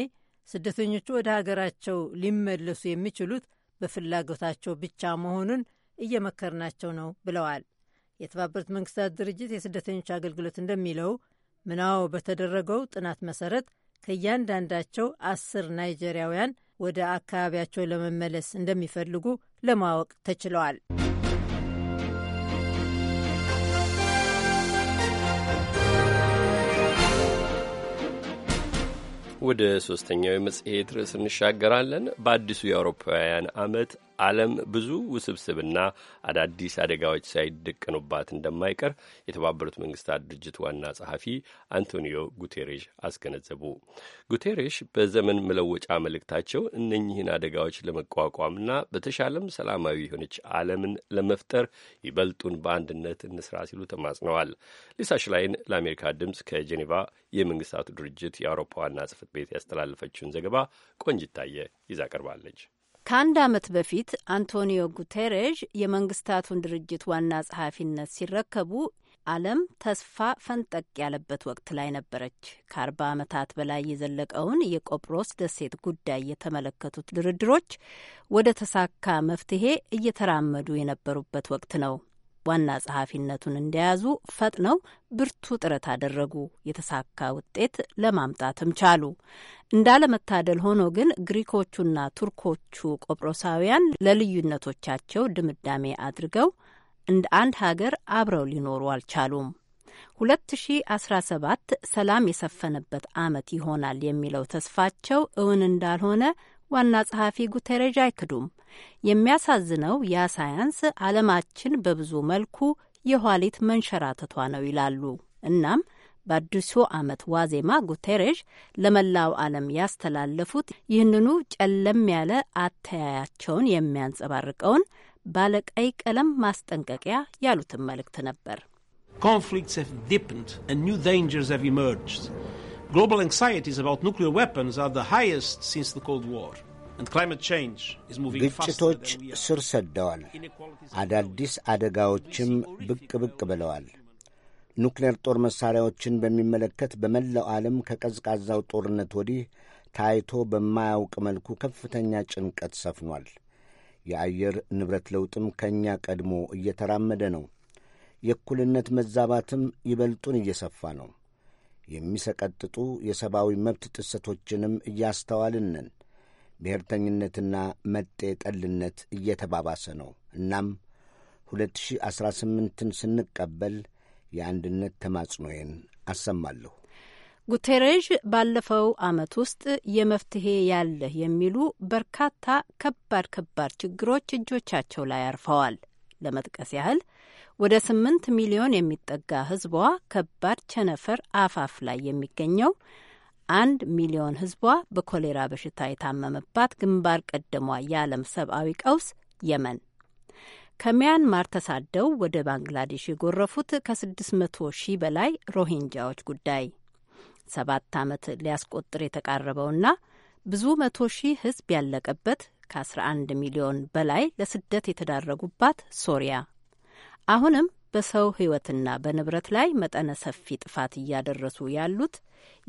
ስደተኞቹ ወደ ሀገራቸው ሊመለሱ የሚችሉት በፍላጎታቸው ብቻ መሆኑን እየመከርናቸው ነው ብለዋል። የተባበሩት መንግስታት ድርጅት የስደተኞች አገልግሎት እንደሚለው ምናው በተደረገው ጥናት መሰረት ከእያንዳንዳቸው አስር ናይጄሪያውያን ወደ አካባቢያቸው ለመመለስ እንደሚፈልጉ ለማወቅ ተችለዋል። ወደ ሶስተኛው የመጽሔት ርዕስ እንሻገራለን። በአዲሱ የአውሮፓውያን ዓመት ዓለም ብዙ ውስብስብና አዳዲስ አደጋዎች ሳይደቀኑባት እንደማይቀር የተባበሩት መንግስታት ድርጅት ዋና ጸሐፊ አንቶኒዮ ጉቴሬሽ አስገነዘቡ። ጉቴሬሽ በዘመን መለወጫ መልእክታቸው እነኚህን አደጋዎች ለመቋቋምና በተሻለም ሰላማዊ የሆነች ዓለምን ለመፍጠር ይበልጡን በአንድነት እንስራ ሲሉ ተማጽነዋል። ሊሳ ሽላይን ለአሜሪካ ድምፅ ከጄኔቫ የመንግስታቱ ድርጅት የአውሮፓ ዋና ጽህፈት ቤት ያስተላለፈችውን ዘገባ ቆንጅታየ ይዛ ቀርባለች። ከአንድ ዓመት በፊት አንቶኒዮ ጉቴሬዥ የመንግስታቱን ድርጅት ዋና ጸሐፊነት ሲረከቡ ዓለም ተስፋ ፈንጠቅ ያለበት ወቅት ላይ ነበረች። ከአርባ ዓመታት በላይ የዘለቀውን የቆጵሮስ ደሴት ጉዳይ የተመለከቱት ድርድሮች ወደ ተሳካ መፍትሄ እየተራመዱ የነበሩበት ወቅት ነው። ዋና ጸሐፊነቱን እንደያዙ ፈጥነው ብርቱ ጥረት አደረጉ። የተሳካ ውጤት ለማምጣትም ቻሉ። እንዳለመታደል ሆኖ ግን ግሪኮቹና ቱርኮቹ ቆጵሮሳውያን ለልዩነቶቻቸው ድምዳሜ አድርገው እንደ አንድ ሀገር አብረው ሊኖሩ አልቻሉም። 2017 ሰላም የሰፈነበት ዓመት ይሆናል የሚለው ተስፋቸው እውን እንዳልሆነ ዋና ጸሐፊ ጉተረዥ አይክዱም። የሚያሳዝነው ያ ሳያንስ ዓለማችን በብዙ መልኩ የኋሊት መንሸራተቷ ነው ይላሉ። እናም በአዲሱ ዓመት ዋዜማ ጉቴሬሽ ለመላው ዓለም ያስተላለፉት ይህንኑ ጨለም ያለ አተያያቸውን የሚያንጸባርቀውን ባለቀይ ቀለም ማስጠንቀቂያ ያሉትን መልእክት ነበር። Conflicts have deepened and new dangers have emerged. Global anxieties about nuclear weapons are the highest since the Cold War. ግጭቶች ስር ሰደዋል። አዳዲስ አደጋዎችም ብቅ ብቅ ብለዋል። ኑክሌር ጦር መሣሪያዎችን በሚመለከት በመላው ዓለም ከቀዝቃዛው ጦርነት ወዲህ ታይቶ በማያውቅ መልኩ ከፍተኛ ጭንቀት ሰፍኗል። የአየር ንብረት ለውጥም ከእኛ ቀድሞ እየተራመደ ነው። የእኩልነት መዛባትም ይበልጡን እየሰፋ ነው። የሚሰቀጥጡ የሰብአዊ መብት ጥሰቶችንም እያስተዋልን ነን። ብሔርተኝነትና መጤ ጠልነት እየተባባሰ ነው። እናም 2018ን ስንቀበል የአንድነት ተማጽኖዬን አሰማለሁ። ጉቴሬዥ ባለፈው ዓመት ውስጥ የመፍትሄ ያለህ የሚሉ በርካታ ከባድ ከባድ ችግሮች እጆቻቸው ላይ አርፈዋል። ለመጥቀስ ያህል ወደ ስምንት ሚሊዮን የሚጠጋ ህዝቧ ከባድ ቸነፈር አፋፍ ላይ የሚገኘው አንድ ሚሊዮን ህዝቧ በኮሌራ በሽታ የታመመባት ግንባር ቀደሟ የዓለም ሰብአዊ ቀውስ የመን ከሚያንማር ተሳደው ወደ ባንግላዴሽ የጎረፉት ከ600 ሺህ በላይ ሮሂንጃዎች ጉዳይ ሰባት ዓመት ሊያስቆጥር የተቃረበውና ብዙ መቶ ሺህ ህዝብ ያለቀበት ከ11 ሚሊዮን በላይ ለስደት የተዳረጉባት ሶሪያ አሁንም በሰው ሕይወትና በንብረት ላይ መጠነ ሰፊ ጥፋት እያደረሱ ያሉት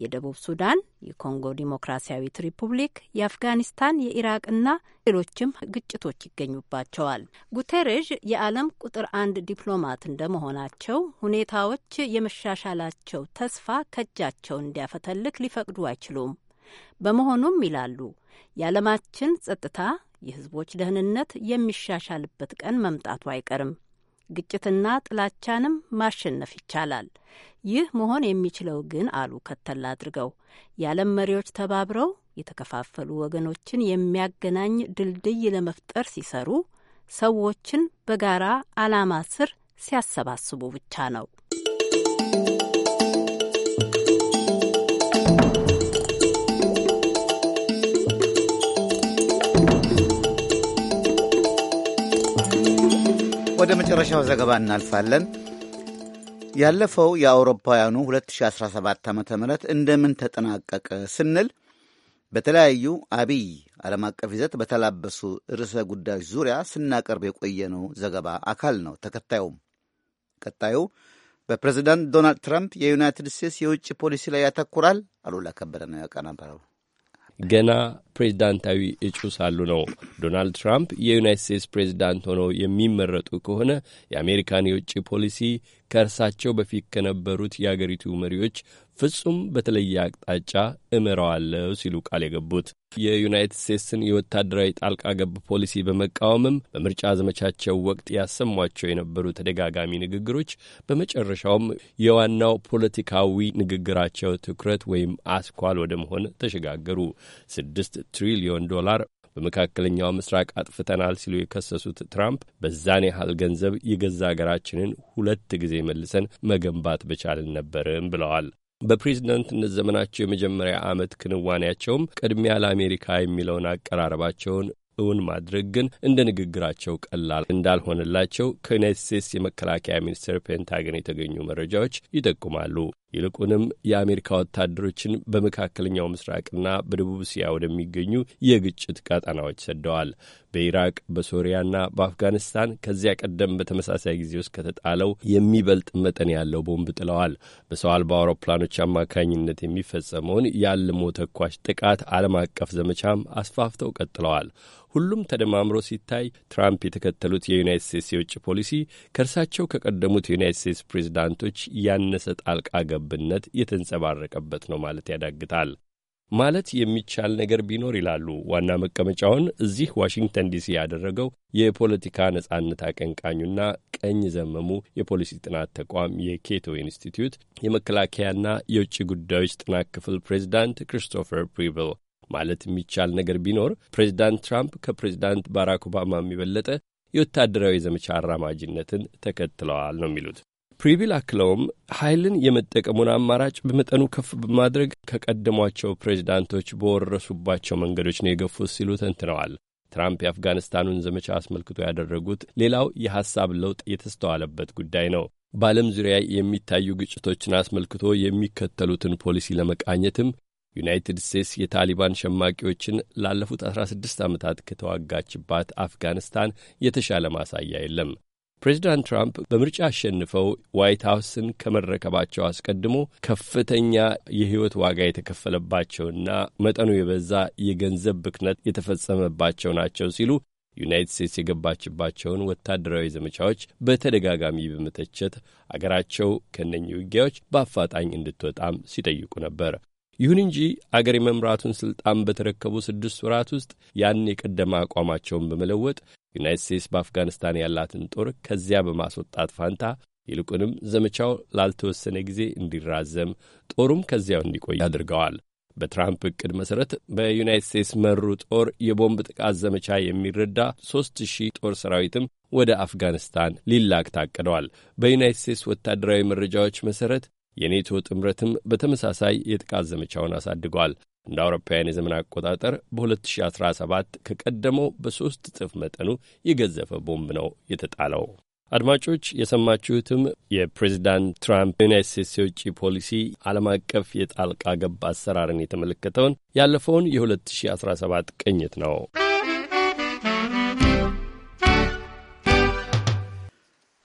የደቡብ ሱዳን፣ የኮንጎ ዲሞክራሲያዊት ሪፑብሊክ፣ የአፍጋኒስታን፣ የኢራቅና ሌሎችም ግጭቶች ይገኙባቸዋል። ጉቴሬዥ የዓለም ቁጥር አንድ ዲፕሎማት እንደመሆናቸው ሁኔታዎች የመሻሻላቸው ተስፋ ከእጃቸው እንዲያፈተልክ ሊፈቅዱ አይችሉም። በመሆኑም ይላሉ የዓለማችን ጸጥታ፣ የህዝቦች ደህንነት የሚሻሻልበት ቀን መምጣቱ አይቀርም። ግጭትና ጥላቻንም ማሸነፍ ይቻላል። ይህ መሆን የሚችለው ግን አሉ ከተላ አድርገው የዓለም መሪዎች ተባብረው የተከፋፈሉ ወገኖችን የሚያገናኝ ድልድይ ለመፍጠር ሲሰሩ፣ ሰዎችን በጋራ አላማ ስር ሲያሰባስቡ ብቻ ነው። ወደ መጨረሻው ዘገባ እናልፋለን። ያለፈው የአውሮፓውያኑ 2017 ዓ ም እንደምን ተጠናቀቀ ስንል በተለያዩ አብይ ዓለም አቀፍ ይዘት በተላበሱ ርዕሰ ጉዳዮች ዙሪያ ስናቀርብ የቆየነው ዘገባ አካል ነው። ተከታዩም ቀጣዩ በፕሬዚዳንት ዶናልድ ትራምፕ የዩናይትድ ስቴትስ የውጭ ፖሊሲ ላይ ያተኩራል። አሉላ ከበደ ነው ያቀናበረው። ገና ፕሬዚዳንታዊ እጩ ሳሉ ነው። ዶናልድ ትራምፕ የዩናይት ስቴትስ ፕሬዚዳንት ሆነው የሚመረጡ ከሆነ የአሜሪካን የውጭ ፖሊሲ ከእርሳቸው በፊት ከነበሩት የአገሪቱ መሪዎች ፍጹም በተለየ አቅጣጫ እመራዋለሁ ሲሉ ቃል የገቡት የዩናይትድ ስቴትስን የወታደራዊ ጣልቃ ገብ ፖሊሲ በመቃወምም በምርጫ ዘመቻቸው ወቅት ያሰሟቸው የነበሩ ተደጋጋሚ ንግግሮች በመጨረሻውም የዋናው ፖለቲካዊ ንግግራቸው ትኩረት ወይም አስኳል ወደ መሆን ተሸጋገሩ። ስድስት ትሪሊዮን ዶላር በመካከለኛው ምስራቅ አጥፍተናል ሲሉ የከሰሱት ትራምፕ በዛን ያህል ገንዘብ የገዛ አገራችንን ሁለት ጊዜ መልሰን መገንባት በቻልን ነበርም ብለዋል። በፕሬዝደንትነት ዘመናቸው የመጀመሪያ ዓመት ክንዋኔያቸውም ቅድሚያ ለአሜሪካ የሚለውን አቀራረባቸውን እውን ማድረግ ግን እንደ ንግግራቸው ቀላል እንዳልሆነላቸው ከዩናይትድ ስቴትስ የመከላከያ ሚኒስቴር ፔንታገን የተገኙ መረጃዎች ይጠቁማሉ። ይልቁንም የአሜሪካ ወታደሮችን በመካከለኛው ምስራቅና በደቡብ እስያ ወደሚገኙ የግጭት ቀጠናዎች ሰደዋል። በኢራቅ በሶሪያና በአፍጋኒስታን ከዚያ ቀደም በተመሳሳይ ጊዜ ውስጥ ከተጣለው የሚበልጥ መጠን ያለው ቦምብ ጥለዋል። በሰው አልባ አውሮፕላኖች አማካኝነት የሚፈጸመውን ያልሞ ተኳሽ ጥቃት ዓለም አቀፍ ዘመቻም አስፋፍተው ቀጥለዋል። ሁሉም ተደማምሮ ሲታይ ትራምፕ የተከተሉት የዩናይት ስቴትስ የውጭ ፖሊሲ ከእርሳቸው ከቀደሙት የዩናይት ስቴትስ ፕሬዚዳንቶች ያነሰ ጣልቃ ገብ ጠብነት የተንጸባረቀበት ነው ማለት ያዳግታል። ማለት የሚቻል ነገር ቢኖር ይላሉ ዋና መቀመጫውን እዚህ ዋሽንግተን ዲሲ ያደረገው የፖለቲካ ነጻነት አቀንቃኙና ቀኝ ዘመሙ የፖሊሲ ጥናት ተቋም የኬቶ ኢንስቲትዩት የመከላከያና የውጭ ጉዳዮች ጥናት ክፍል ፕሬዚዳንት ክሪስቶፈር ፕሪብል ማለት የሚቻል ነገር ቢኖር ፕሬዚዳንት ትራምፕ ከፕሬዚዳንት ባራክ ኦባማ የሚበለጠ የወታደራዊ ዘመቻ አራማጅነትን ተከትለዋል ነው የሚሉት። ፍሪቪል አክለውም ኃይልን የመጠቀሙን አማራጭ በመጠኑ ከፍ በማድረግ ከቀደሟቸው ፕሬዚዳንቶች በወረሱባቸው መንገዶች ነው የገፉት ሲሉ ተንትነዋል። ትራምፕ የአፍጋኒስታኑን ዘመቻ አስመልክቶ ያደረጉት ሌላው የሐሳብ ለውጥ የተስተዋለበት ጉዳይ ነው። በዓለም ዙሪያ የሚታዩ ግጭቶችን አስመልክቶ የሚከተሉትን ፖሊሲ ለመቃኘትም ዩናይትድ ስቴትስ የታሊባን ሸማቂዎችን ላለፉት 16 ዓመታት ከተዋጋችባት አፍጋኒስታን የተሻለ ማሳያ የለም። ፕሬዚዳንት ትራምፕ በምርጫ አሸንፈው ዋይት ሀውስን ከመረከባቸው አስቀድሞ ከፍተኛ የህይወት ዋጋ የተከፈለባቸውና መጠኑ የበዛ የገንዘብ ብክነት የተፈጸመባቸው ናቸው ሲሉ ዩናይትድ ስቴትስ የገባችባቸውን ወታደራዊ ዘመቻዎች በተደጋጋሚ በመተቸት አገራቸው ከእነኚህ ውጊያዎች በአፋጣኝ እንድትወጣም ሲጠይቁ ነበር። ይሁን እንጂ አገር የመምራቱን ሥልጣን በተረከቡ ስድስት ወራት ውስጥ ያን የቀደመ አቋማቸውን በመለወጥ ዩናይት ስቴትስ በአፍጋኒስታን ያላትን ጦር ከዚያ በማስወጣት ፋንታ ይልቁንም ዘመቻው ላልተወሰነ ጊዜ እንዲራዘም ጦሩም ከዚያው እንዲቆይ አድርገዋል። በትራምፕ እቅድ መሠረት በዩናይት ስቴትስ መሩ ጦር የቦምብ ጥቃት ዘመቻ የሚረዳ ሦስት ሺህ ጦር ሰራዊትም ወደ አፍጋኒስታን ሊላክ ታቅደዋል። በዩናይት ስቴትስ ወታደራዊ መረጃዎች መሠረት የኔቶ ጥምረትም በተመሳሳይ የጥቃት ዘመቻውን አሳድጓል። እንደ አውሮፓውያን የዘመን አቆጣጠር በ2017 ከቀደመው በሦስት እጥፍ መጠኑ የገዘፈ ቦምብ ነው የተጣለው። አድማጮች የሰማችሁትም የፕሬዚዳንት ትራምፕ ዩናይት ስቴትስ የውጭ ፖሊሲ ዓለም አቀፍ የጣልቃ ገብ አሰራርን የተመለከተውን ያለፈውን የ2017 ቅኝት ነው።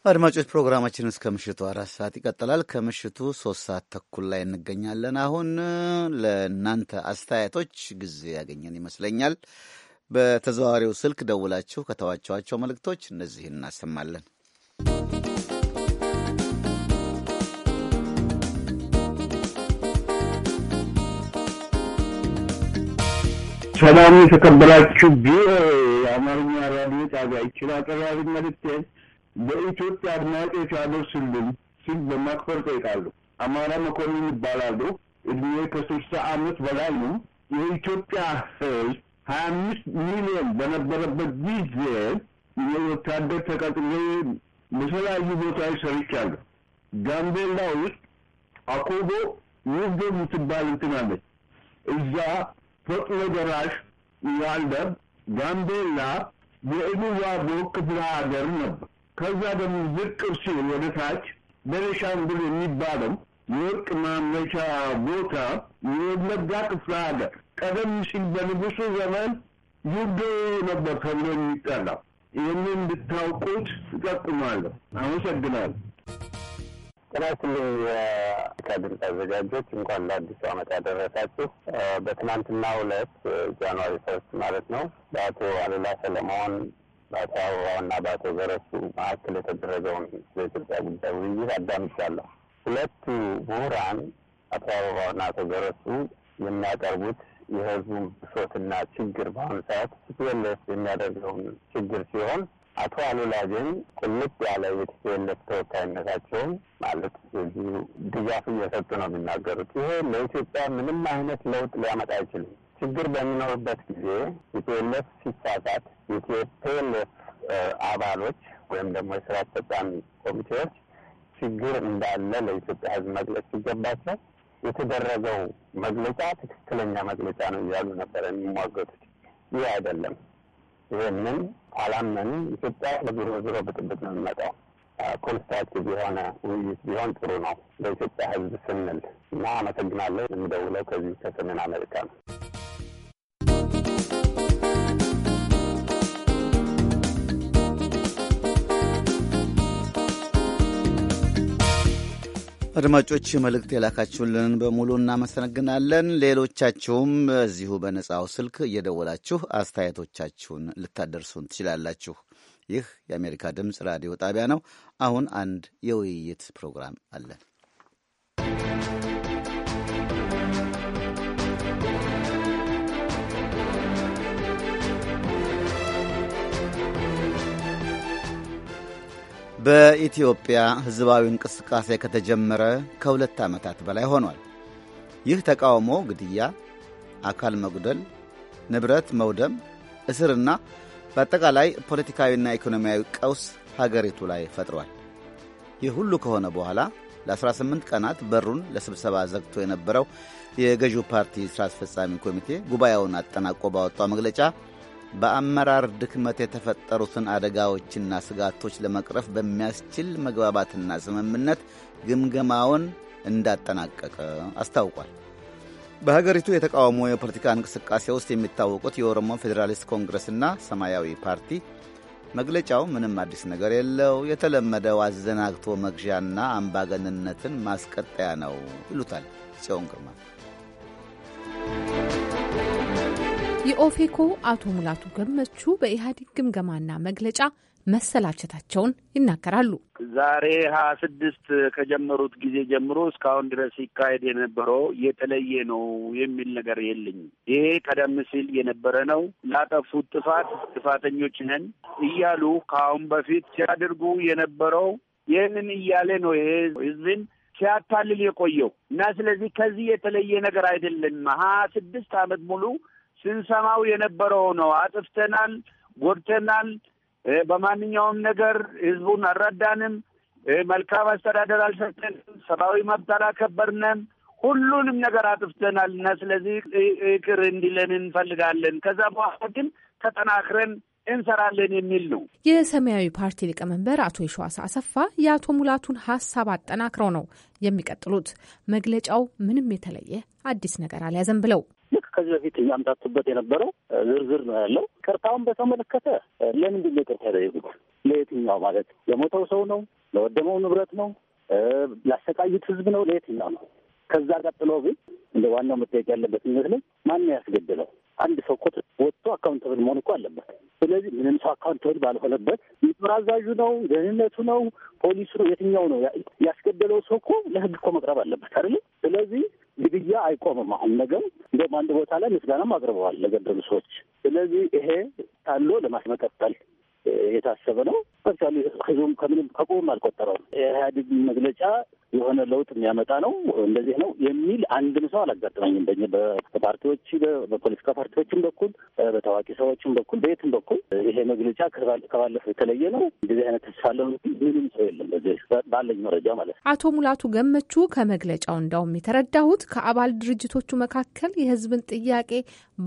አድማጮች ፕሮግራማችን እስከ ምሽቱ አራት ሰዓት ይቀጥላል። ከምሽቱ ሶስት ሰዓት ተኩል ላይ እንገኛለን። አሁን ለእናንተ አስተያየቶች ጊዜ ያገኘን ይመስለኛል። በተዘዋዋሪው ስልክ ደውላችሁ ከተዋቸዋቸው መልእክቶች እነዚህን እናሰማለን። ሰላም የተከበራችሁ ቢሮ የአማርኛ ራዲዮ ጣቢያ ይችላል። አቀራቢ መልእክቴ በኢትዮጵያ አድናቂዎች አደርሱልን ሲል በማክበር ጠይቃሉ። አማራ መኮንን ይባላሉ። እድሜ ከስልሳ ዓመት በላይ ነው። የኢትዮጵያ ሕዝብ ሀያ አምስት ሚሊዮን በነበረበት ጊዜ ወታደር ተቀጥሬ በተለያዩ ቦታዎች ሰርቻለሁ። ጋምቤላ ውስጥ አኮቦ ውርዶ የምትባል እንትን አለች። እዛ ፈጥኖ ደራሽ ያለ ጋምቤላ የኢሉባቦር ክፍለ ሀገር ነበር። ከዛ ደግሞ ዝቅ ሲል ወደ ታች ቤኒሻንጉል የሚባለው የወርቅ ማምረቻ ቦታ የወለጋ ክፍለ ሀገር ቀደም ሲል በንጉሱ ዘመን ጁዶ ነበር ተብሎ የሚጠራው። ይህንን እንድታውቁት እጠቁማለሁ። አመሰግናለሁ። ጥናትን የአካድሚክ አዘጋጆች እንኳን ለአዲሱ ዓመት ያደረሳችሁ። በትናንትና ሁለት ጃንዋሪ ፈርስት ማለት ነው በአቶ አሉላ ሰለሞን በአቶ አበባውና በአቶ ገረሱ መካከል የተደረገውን በኢትዮጵያ ጉዳይ ውይይት አዳምጫለሁ። ሁለቱ ምሁራን አቶ አበባውና አቶ ገረሱ የሚያቀርቡት የህዝቡን ብሶትና ችግር በአሁኑ ሰዓት ቲፒኤልኤፍ የሚያደርገውን ችግር ሲሆን አቶ አሉላ ግን ቁልጥ ያለ የቲፒኤልኤፍ ተወካይነታቸውን ማለት የዚሁ ድጋፍ እየሰጡ ነው የሚናገሩት። ይሄ ለኢትዮጵያ ምንም አይነት ለውጥ ሊያመጣ አይችልም። ችግር በሚኖርበት ጊዜ ኢትዮለፍ ሲሳሳት የኢትዮቴለፍ አባሎች ወይም ደግሞ የስራ አስፈጻሚ ኮሚቴዎች ችግር እንዳለ ለኢትዮጵያ ሕዝብ መግለጽ ሲገባቸው የተደረገው መግለጫ ትክክለኛ መግለጫ ነው እያሉ ነበር የሚሟገቱት። ይህ አይደለም። ይህንን አላመንም። ኢትዮጵያ በዞሮ ዙሮ ብጥብጥ ነው የሚመጣው። ኮንስትራክቲቭ የሆነ ውይይት ቢሆን ጥሩ ነው ለኢትዮጵያ ሕዝብ ስንል እና አመሰግናለሁ። የሚደውለው ከዚህ ከሰሜን አሜሪካ ነው። አድማጮች መልእክት የላካችሁልን በሙሉ እናመሰግናለን። ሌሎቻችሁም እዚሁ በነጻው ስልክ እየደወላችሁ አስተያየቶቻችሁን ልታደርሱን ትችላላችሁ። ይህ የአሜሪካ ድምፅ ራዲዮ ጣቢያ ነው። አሁን አንድ የውይይት ፕሮግራም አለን። በኢትዮጵያ ሕዝባዊ እንቅስቃሴ ከተጀመረ ከሁለት ዓመታት በላይ ሆኗል። ይህ ተቃውሞ ግድያ፣ አካል መጉደል፣ ንብረት መውደም፣ እስርና በአጠቃላይ ፖለቲካዊና ኢኮኖሚያዊ ቀውስ ሀገሪቱ ላይ ፈጥሯል። ይህ ሁሉ ከሆነ በኋላ ለ18 ቀናት በሩን ለስብሰባ ዘግቶ የነበረው የገዢው ፓርቲ ሥራ አስፈጻሚ ኮሚቴ ጉባኤውን አጠናቆ ባወጣው መግለጫ በአመራር ድክመት የተፈጠሩትን አደጋዎችና ስጋቶች ለመቅረፍ በሚያስችል መግባባትና ስምምነት ግምገማውን እንዳጠናቀቀ አስታውቋል። በሀገሪቱ የተቃውሞ የፖለቲካ እንቅስቃሴ ውስጥ የሚታወቁት የኦሮሞ ፌዴራሊስት ኮንግረስና ሰማያዊ ፓርቲ መግለጫው ምንም አዲስ ነገር የለው፣ የተለመደው አዘናግቶ መግዣና አምባገንነትን ማስቀጠያ ነው ይሉታል ጽዮን ግርማ። የኦፌኮ አቶ ሙላቱ ገመቹ በኢህአዴግ ግምገማና መግለጫ መሰላቸታቸውን ይናገራሉ። ዛሬ ሀያ ስድስት ከጀመሩት ጊዜ ጀምሮ እስካሁን ድረስ ሲካሄድ የነበረው የተለየ ነው የሚል ነገር የለኝም። ይሄ ቀደም ሲል የነበረ ነው። ላጠፉት ጥፋት ጥፋተኞች ነን እያሉ ከአሁን በፊት ሲያደርጉ የነበረው ይህንን እያለ ነው ይሄ ህዝብን ሲያታልል የቆየው እና ስለዚህ ከዚህ የተለየ ነገር አይደለም። ሀያ ስድስት አመት ሙሉ ስንሰማው የነበረው ነው። አጥፍተናል፣ ጎድተናል፣ በማንኛውም ነገር ህዝቡን አልረዳንም፣ መልካም አስተዳደር አልሰጠንም፣ ሰብአዊ መብት አላከበርንም፣ ሁሉንም ነገር አጥፍተናል እና ስለዚህ ይቅር እንዲለን እንፈልጋለን። ከዛ በኋላ ግን ተጠናክረን እንሰራለን የሚል ነው። የሰማያዊ ፓርቲ ሊቀመንበር አቶ የሸዋስ አሰፋ የአቶ ሙላቱን ሀሳብ አጠናክረው ነው የሚቀጥሉት። መግለጫው ምንም የተለየ አዲስ ነገር አልያዘም ብለው ልክ ከዚህ በፊት ያምታቱበት የነበረው ዝርዝር ነው ያለው። ቅርታውን በተመለከተ ለምንድን ነው ቅርታ ያደረጉት? ለየትኛው ማለት ለሞተው ሰው ነው? ለወደመው ንብረት ነው? ላሰቃዩት ህዝብ ነው? ለየትኛው ነው? ከዛ ቀጥሎ ግን እንደ ዋናው መጠየቅ ያለበት ይመስለኝ ማን ያስገድለው? አንድ ሰው እኮ ወጥቶ አካውንተብል መሆን እኮ አለበት። ስለዚህ ምንም ሰው አካውንተብል ባልሆነበት የጦር አዛዡ ነው፣ ደህንነቱ ነው፣ ፖሊሱ ነው፣ የትኛው ነው ያስገደለው ሰው እኮ ለህግ እኮ መቅረብ አለበት አይደለም። ስለዚህ ግድያ አይቆምም። አሁን ነገም እንደውም አንድ ቦታ ላይ ምስጋናም አቅርበዋል ለገደሉ ሰዎች። ስለዚህ ይሄ ታሎ ለማስመቀጠል የታሰበ ነው። አክቹዋሊ ህዝቡም ከምንም ከቁብም አልቆጠረውም። የኢህአዴግ መግለጫ የሆነ ለውጥ የሚያመጣ ነው እንደዚህ ነው የሚል አንድም ሰው አላጋጥመኝም። በ በፓርቲዎች በፖለቲካ ፓርቲዎችም በኩል በታዋቂ ሰዎችም በኩል በየትም በኩል ይሄ መግለጫ ከባለፈው የተለየ ነው እንደዚህ አይነት ተስፋ አለው ምንም ሰው የለም። በዚህ ባለኝ መረጃ ማለት ነው። አቶ ሙላቱ ገመቹ ከመግለጫው እንዳውም የተረዳሁት ከአባል ድርጅቶቹ መካከል የህዝብን ጥያቄ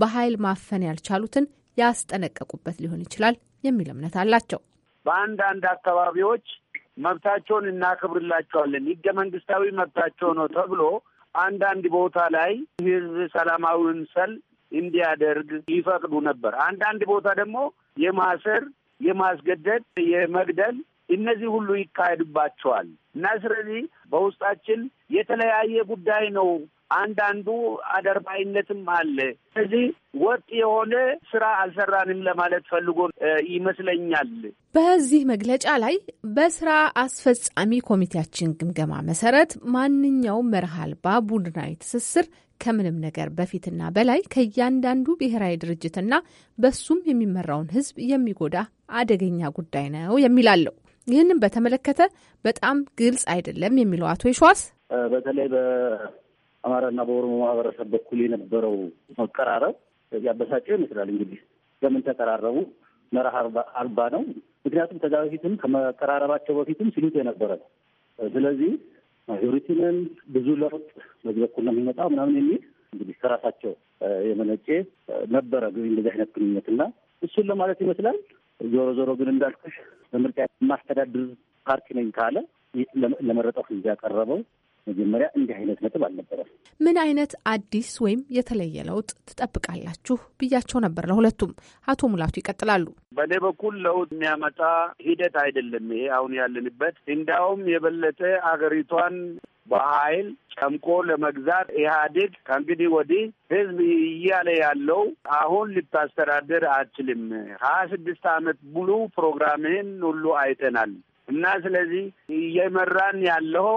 በኃይል ማፈን ያልቻሉትን ያስጠነቀቁበት ሊሆን ይችላል የሚል እምነት አላቸው። በአንዳንድ አካባቢዎች መብታቸውን እናከብርላቸዋለን ህገ መንግስታዊ መብታቸው ነው ተብሎ አንዳንድ ቦታ ላይ ህዝብ ሰላማዊውን ሰልፍ እንዲያደርግ ይፈቅዱ ነበር። አንዳንድ ቦታ ደግሞ የማሰር፣ የማስገደድ፣ የመግደል እነዚህ ሁሉ ይካሄድባቸዋል እና ስለዚህ በውስጣችን የተለያየ ጉዳይ ነው አንዳንዱ አደርባይነትም አለ። ስለዚህ ወጥ የሆነ ስራ አልሰራንም ለማለት ፈልጎ ይመስለኛል። በዚህ መግለጫ ላይ በስራ አስፈጻሚ ኮሚቴያችን ግምገማ መሰረት ማንኛውም መርህ አልባ ቡድናዊ ትስስር ከምንም ነገር በፊትና በላይ ከእያንዳንዱ ብሔራዊ ድርጅትና በሱም የሚመራውን ሕዝብ የሚጎዳ አደገኛ ጉዳይ ነው የሚላለው። ይህንም በተመለከተ በጣም ግልጽ አይደለም የሚለው አቶ ይሸዋስ በተለይ በአማራና በኦሮሞ ማህበረሰብ በኩል የነበረው መቀራረብ ያበሳጨው ይመስላል። እንግዲህ ለምን ተቀራረቡ? መርህ አልባ ነው። ምክንያቱም ከዛ በፊትም ከመቀራረባቸው በፊትም ሲሉት የነበረ ነው። ስለዚህ ማጆሪቲንን ብዙ ለውጥ በዚህ በኩል ነው የሚመጣው ምናምን የሚል እንግዲህ ከራሳቸው የመነጨ ነበረ እንደዚህ አይነት እና እሱን ለማለት ይመስላል። ዞሮ ዞሮ ግን እንዳልኩሽ በምርጫ የማስተዳድር ፓርቲ ነኝ ካለ ለመረጠው ህዝብ ያቀረበው መጀመሪያ እንዲህ አይነት ነጥብ አልነበረም። ምን አይነት አዲስ ወይም የተለየ ለውጥ ትጠብቃላችሁ ብያቸው ነበር ለሁለቱም። አቶ ሙላቱ ይቀጥላሉ። በእኔ በኩል ለውጥ የሚያመጣ ሂደት አይደለም ይሄ አሁን ያለንበት። እንዲያውም የበለጠ አገሪቷን በኃይል ጨምቆ ለመግዛት ኢህአዴግ ከእንግዲህ ወዲህ ህዝብ እያለ ያለው አሁን ልታስተዳደር አትችልም፣ ሀያ ስድስት አመት ሙሉ ፕሮግራምህን ሁሉ አይተናል እና ስለዚህ እየመራን ያለው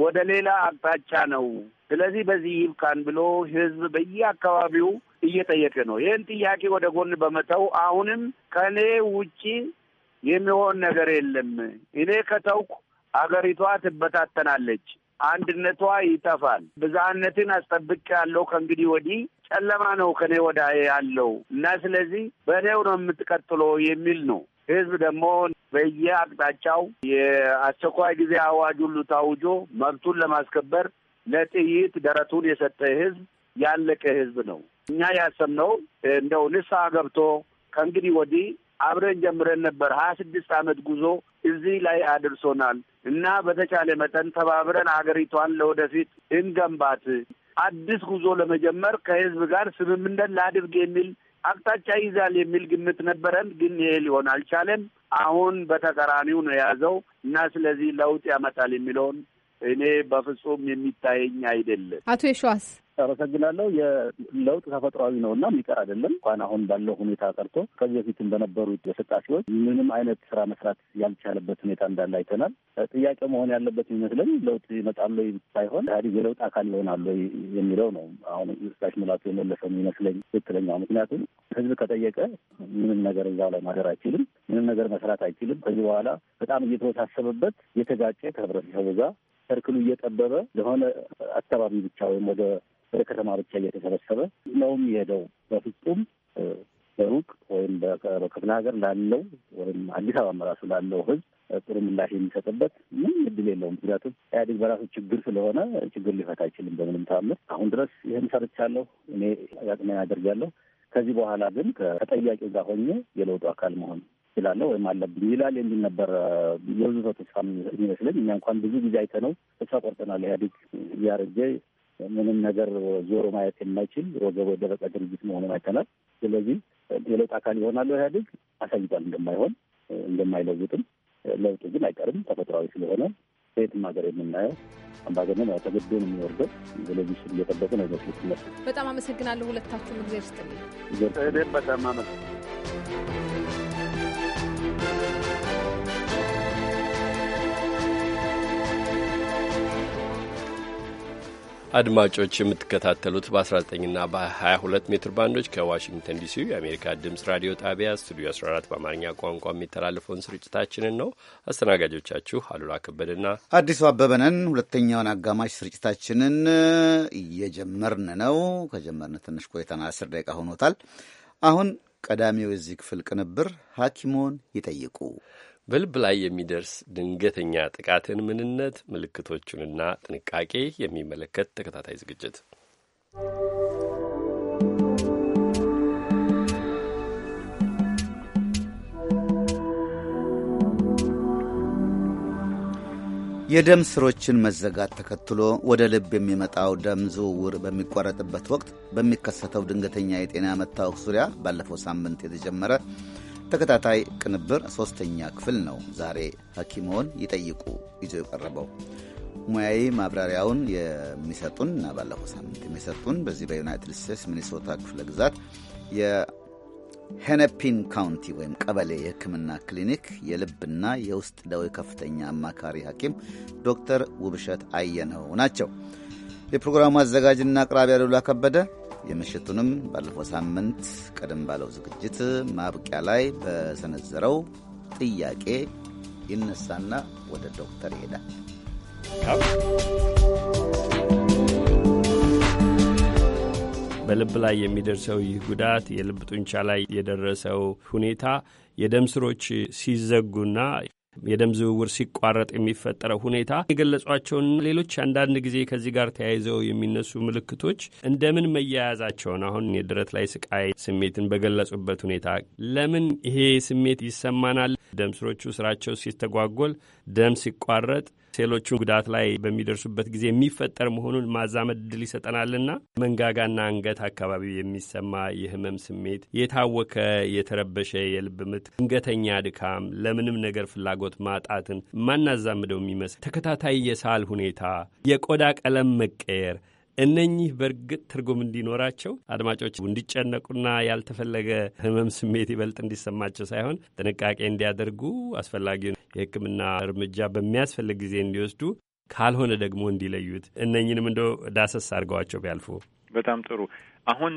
ወደ ሌላ አቅጣጫ ነው። ስለዚህ በዚህ ይብቃን ብሎ ህዝብ በየአካባቢው እየጠየቀ ነው። ይህን ጥያቄ ወደ ጎን በመተው አሁንም ከኔ ውጪ የሚሆን ነገር የለም፣ እኔ ከተውኩ አገሪቷ ትበታተናለች፣ አንድነቷ ይጠፋል። ብዝሃነትን አስጠብቅ ያለው ከእንግዲህ ወዲህ ጨለማ ነው ከኔ ወዳ ያለው እና ስለዚህ በእኔው ነው የምትቀጥሎ የሚል ነው። ህዝብ ደግሞ በየአቅጣጫው የአስቸኳይ ጊዜ አዋጅ ሁሉ ታውጆ መብቱን ለማስከበር ለጥይት ደረቱን የሰጠ ህዝብ ያለቀ ህዝብ ነው። እኛ ያሰብነው እንደው ንስሐ ገብቶ ከእንግዲህ ወዲህ አብረን ጀምረን ነበር። ሀያ ስድስት አመት ጉዞ እዚህ ላይ አድርሶናል እና በተቻለ መጠን ተባብረን አገሪቷን ለወደፊት እንገንባት፣ አዲስ ጉዞ ለመጀመር ከህዝብ ጋር ስምምነት ላድርግ የሚል አቅጣጫ ይዛል የሚል ግምት ነበረን፣ ግን ይሄ ሊሆን አልቻለም። አሁን በተቀራኒው ነው የያዘው እና ስለዚህ ለውጥ ያመጣል የሚለውን እኔ በፍጹም የሚታየኝ አይደለም። አቶ የሸዋስ አመሰግናለሁ። የለውጥ ተፈጥሯዊ ነው እና የሚቀር አይደለም። እንኳን አሁን ባለው ሁኔታ ቀርቶ ከዚህ በፊትም በነበሩት እንቅስቃሴዎች ምንም አይነት ስራ መስራት ያልቻለበት ሁኔታ እንዳለ አይተናል። ጥያቄ መሆን ያለበት የሚመስለኝ ለውጥ ይመጣሉ ሳይሆን ኢህአዴግ የለውጥ አካል ይሆናሉ የሚለው ነው። አሁን ስታሽ ሙላቱ የመለሰው ይመስለኝ ትክክለኛው። ምክንያቱም ህዝብ ከጠየቀ ምንም ነገር እዛው ላይ ማደር አይችልም፣ ምንም ነገር መስራት አይችልም። ከዚህ በኋላ በጣም እየተወሳሰበበት የተጋጨ ከህብረተሰቡ ጋር ሰርክሉ እየጠበበ ለሆነ አካባቢ ብቻ ወይም ወደ ወደ ከተማ ብቻ እየተሰበሰበ ነውም የሄደው። በፍጹም በሩቅ ወይም በክፍለ ሀገር ላለው ወይም አዲስ አበባ ራሱ ላለው ህዝብ ጥሩ ምላሽ የሚሰጥበት ምን እድል የለውም። ምክንያቱም ኢህአዴግ በራሱ ችግር ስለሆነ ችግር ሊፈታ አይችልም በምንም ታምር። አሁን ድረስ ይህን ሰርቻለሁ እኔ ያቅሜን አደርጋለሁ። ከዚህ በኋላ ግን ከተጠያቂው ጋር ሆኜ የለውጡ አካል መሆን ይችላለሁ ወይም አለብኝ ይላል የሚል ነበር የብዙ ሰው ተስፋ የሚመስለኝ። እኛ እንኳን ብዙ ጊዜ አይተነው ተስፋ ቆርጠናል። ኢህአዴግ እያረጀ ምንም ነገር ዞሮ ማየት የማይችል ወገብ የደረቀ ድርጅት መሆኑን አይተናል። ስለዚህ የለውጥ አካል ይሆናል ኢህአዴግ አሳይቷል፣ እንደማይሆን እንደማይለውጥም። ለውጡ ግን አይቀርም ተፈጥሯዊ ስለሆነ ከየትም ሀገር የምናየው አምባገነን ያው ተገዶ ነው የሚወርደው። ስለዚህ እሱን እየጠበቁ ነው ይመስሉት በጣም አመሰግናለሁ ሁለታችሁም። እግዜር ይስጥልኝ። እኔም በጣም አመሰግናለሁ። አድማጮች የምትከታተሉት በ19ና በ22 ሜትር ባንዶች ከዋሽንግተን ዲሲ የአሜሪካ ድምፅ ራዲዮ ጣቢያ ስቱዲዮ 14 በአማርኛ ቋንቋ የሚተላለፈውን ስርጭታችንን ነው። አስተናጋጆቻችሁ አሉላ ከበደና አዲሱ አበበነን። ሁለተኛውን አጋማሽ ስርጭታችንን እየጀመርን ነው። ከጀመርን ትንሽ ቆይተን አስር ደቂቃ ሆኖታል። አሁን ቀዳሚው የዚህ ክፍል ቅንብር ሐኪሞን ይጠይቁ በልብ ላይ የሚደርስ ድንገተኛ ጥቃትን ምንነት፣ ምልክቶቹንና ጥንቃቄ የሚመለከት ተከታታይ ዝግጅት የደም ስሮችን መዘጋት ተከትሎ ወደ ልብ የሚመጣው ደም ዝውውር በሚቋረጥበት ወቅት በሚከሰተው ድንገተኛ የጤና መታወክ ዙሪያ ባለፈው ሳምንት የተጀመረ ተከታታይ ቅንብር ሶስተኛ ክፍል ነው። ዛሬ ሐኪሞን ይጠይቁ ይዞ የቀረበው ሙያዊ ማብራሪያውን የሚሰጡን እና ባለፈው ሳምንት የሚሰጡን በዚህ በዩናይትድ ስቴትስ ሚኒሶታ ክፍለ ግዛት የሄነፒን ካውንቲ ወይም ቀበሌ የሕክምና ክሊኒክ የልብና የውስጥ ደዌ ከፍተኛ አማካሪ ሐኪም ዶክተር ውብሸት አየነው ናቸው። የፕሮግራሙ አዘጋጅና አቅራቢ አሉላ ከበደ የምሽቱንም ባለፈው ሳምንት ቀደም ባለው ዝግጅት ማብቂያ ላይ በሰነዘረው ጥያቄ ይነሳና ወደ ዶክተር ይሄዳል። በልብ ላይ የሚደርሰው ይህ ጉዳት የልብ ጡንቻ ላይ የደረሰው ሁኔታ የደም ስሮች ሲዘጉና የደም ዝውውር ሲቋረጥ የሚፈጠረው ሁኔታ የገለጿቸውን ሌሎች አንዳንድ ጊዜ ከዚህ ጋር ተያይዘው የሚነሱ ምልክቶች እንደምን መያያዛቸውን አሁን የድረት ላይ ስቃይ ስሜትን በገለጹበት ሁኔታ ለምን ይሄ ስሜት ይሰማናል? ደም ስሮቹ ስራቸው ሲስተጓጎል፣ ደም ሲቋረጥ ሴሎቹ ጉዳት ላይ በሚደርሱበት ጊዜ የሚፈጠር መሆኑን ማዛመድ እድል ይሰጠናልና መንጋጋና አንገት አካባቢ የሚሰማ የህመም ስሜት፣ የታወከ የተረበሸ የልብ ምት፣ ድንገተኛ ድካም፣ ለምንም ነገር ፍላጎት ማጣትን ማናዛምደው የሚመስል ተከታታይ የሳል ሁኔታ፣ የቆዳ ቀለም መቀየር እነኚህ በእርግጥ ትርጉም እንዲኖራቸው አድማጮች እንዲጨነቁና ያልተፈለገ ህመም ስሜት ይበልጥ እንዲሰማቸው ሳይሆን ጥንቃቄ እንዲያደርጉ አስፈላጊውን የሕክምና እርምጃ በሚያስፈልግ ጊዜ እንዲወስዱ ካልሆነ ደግሞ እንዲለዩት እነኝንም እንደ ዳሰስ አድርገዋቸው ቢያልፉ በጣም ጥሩ። አሁን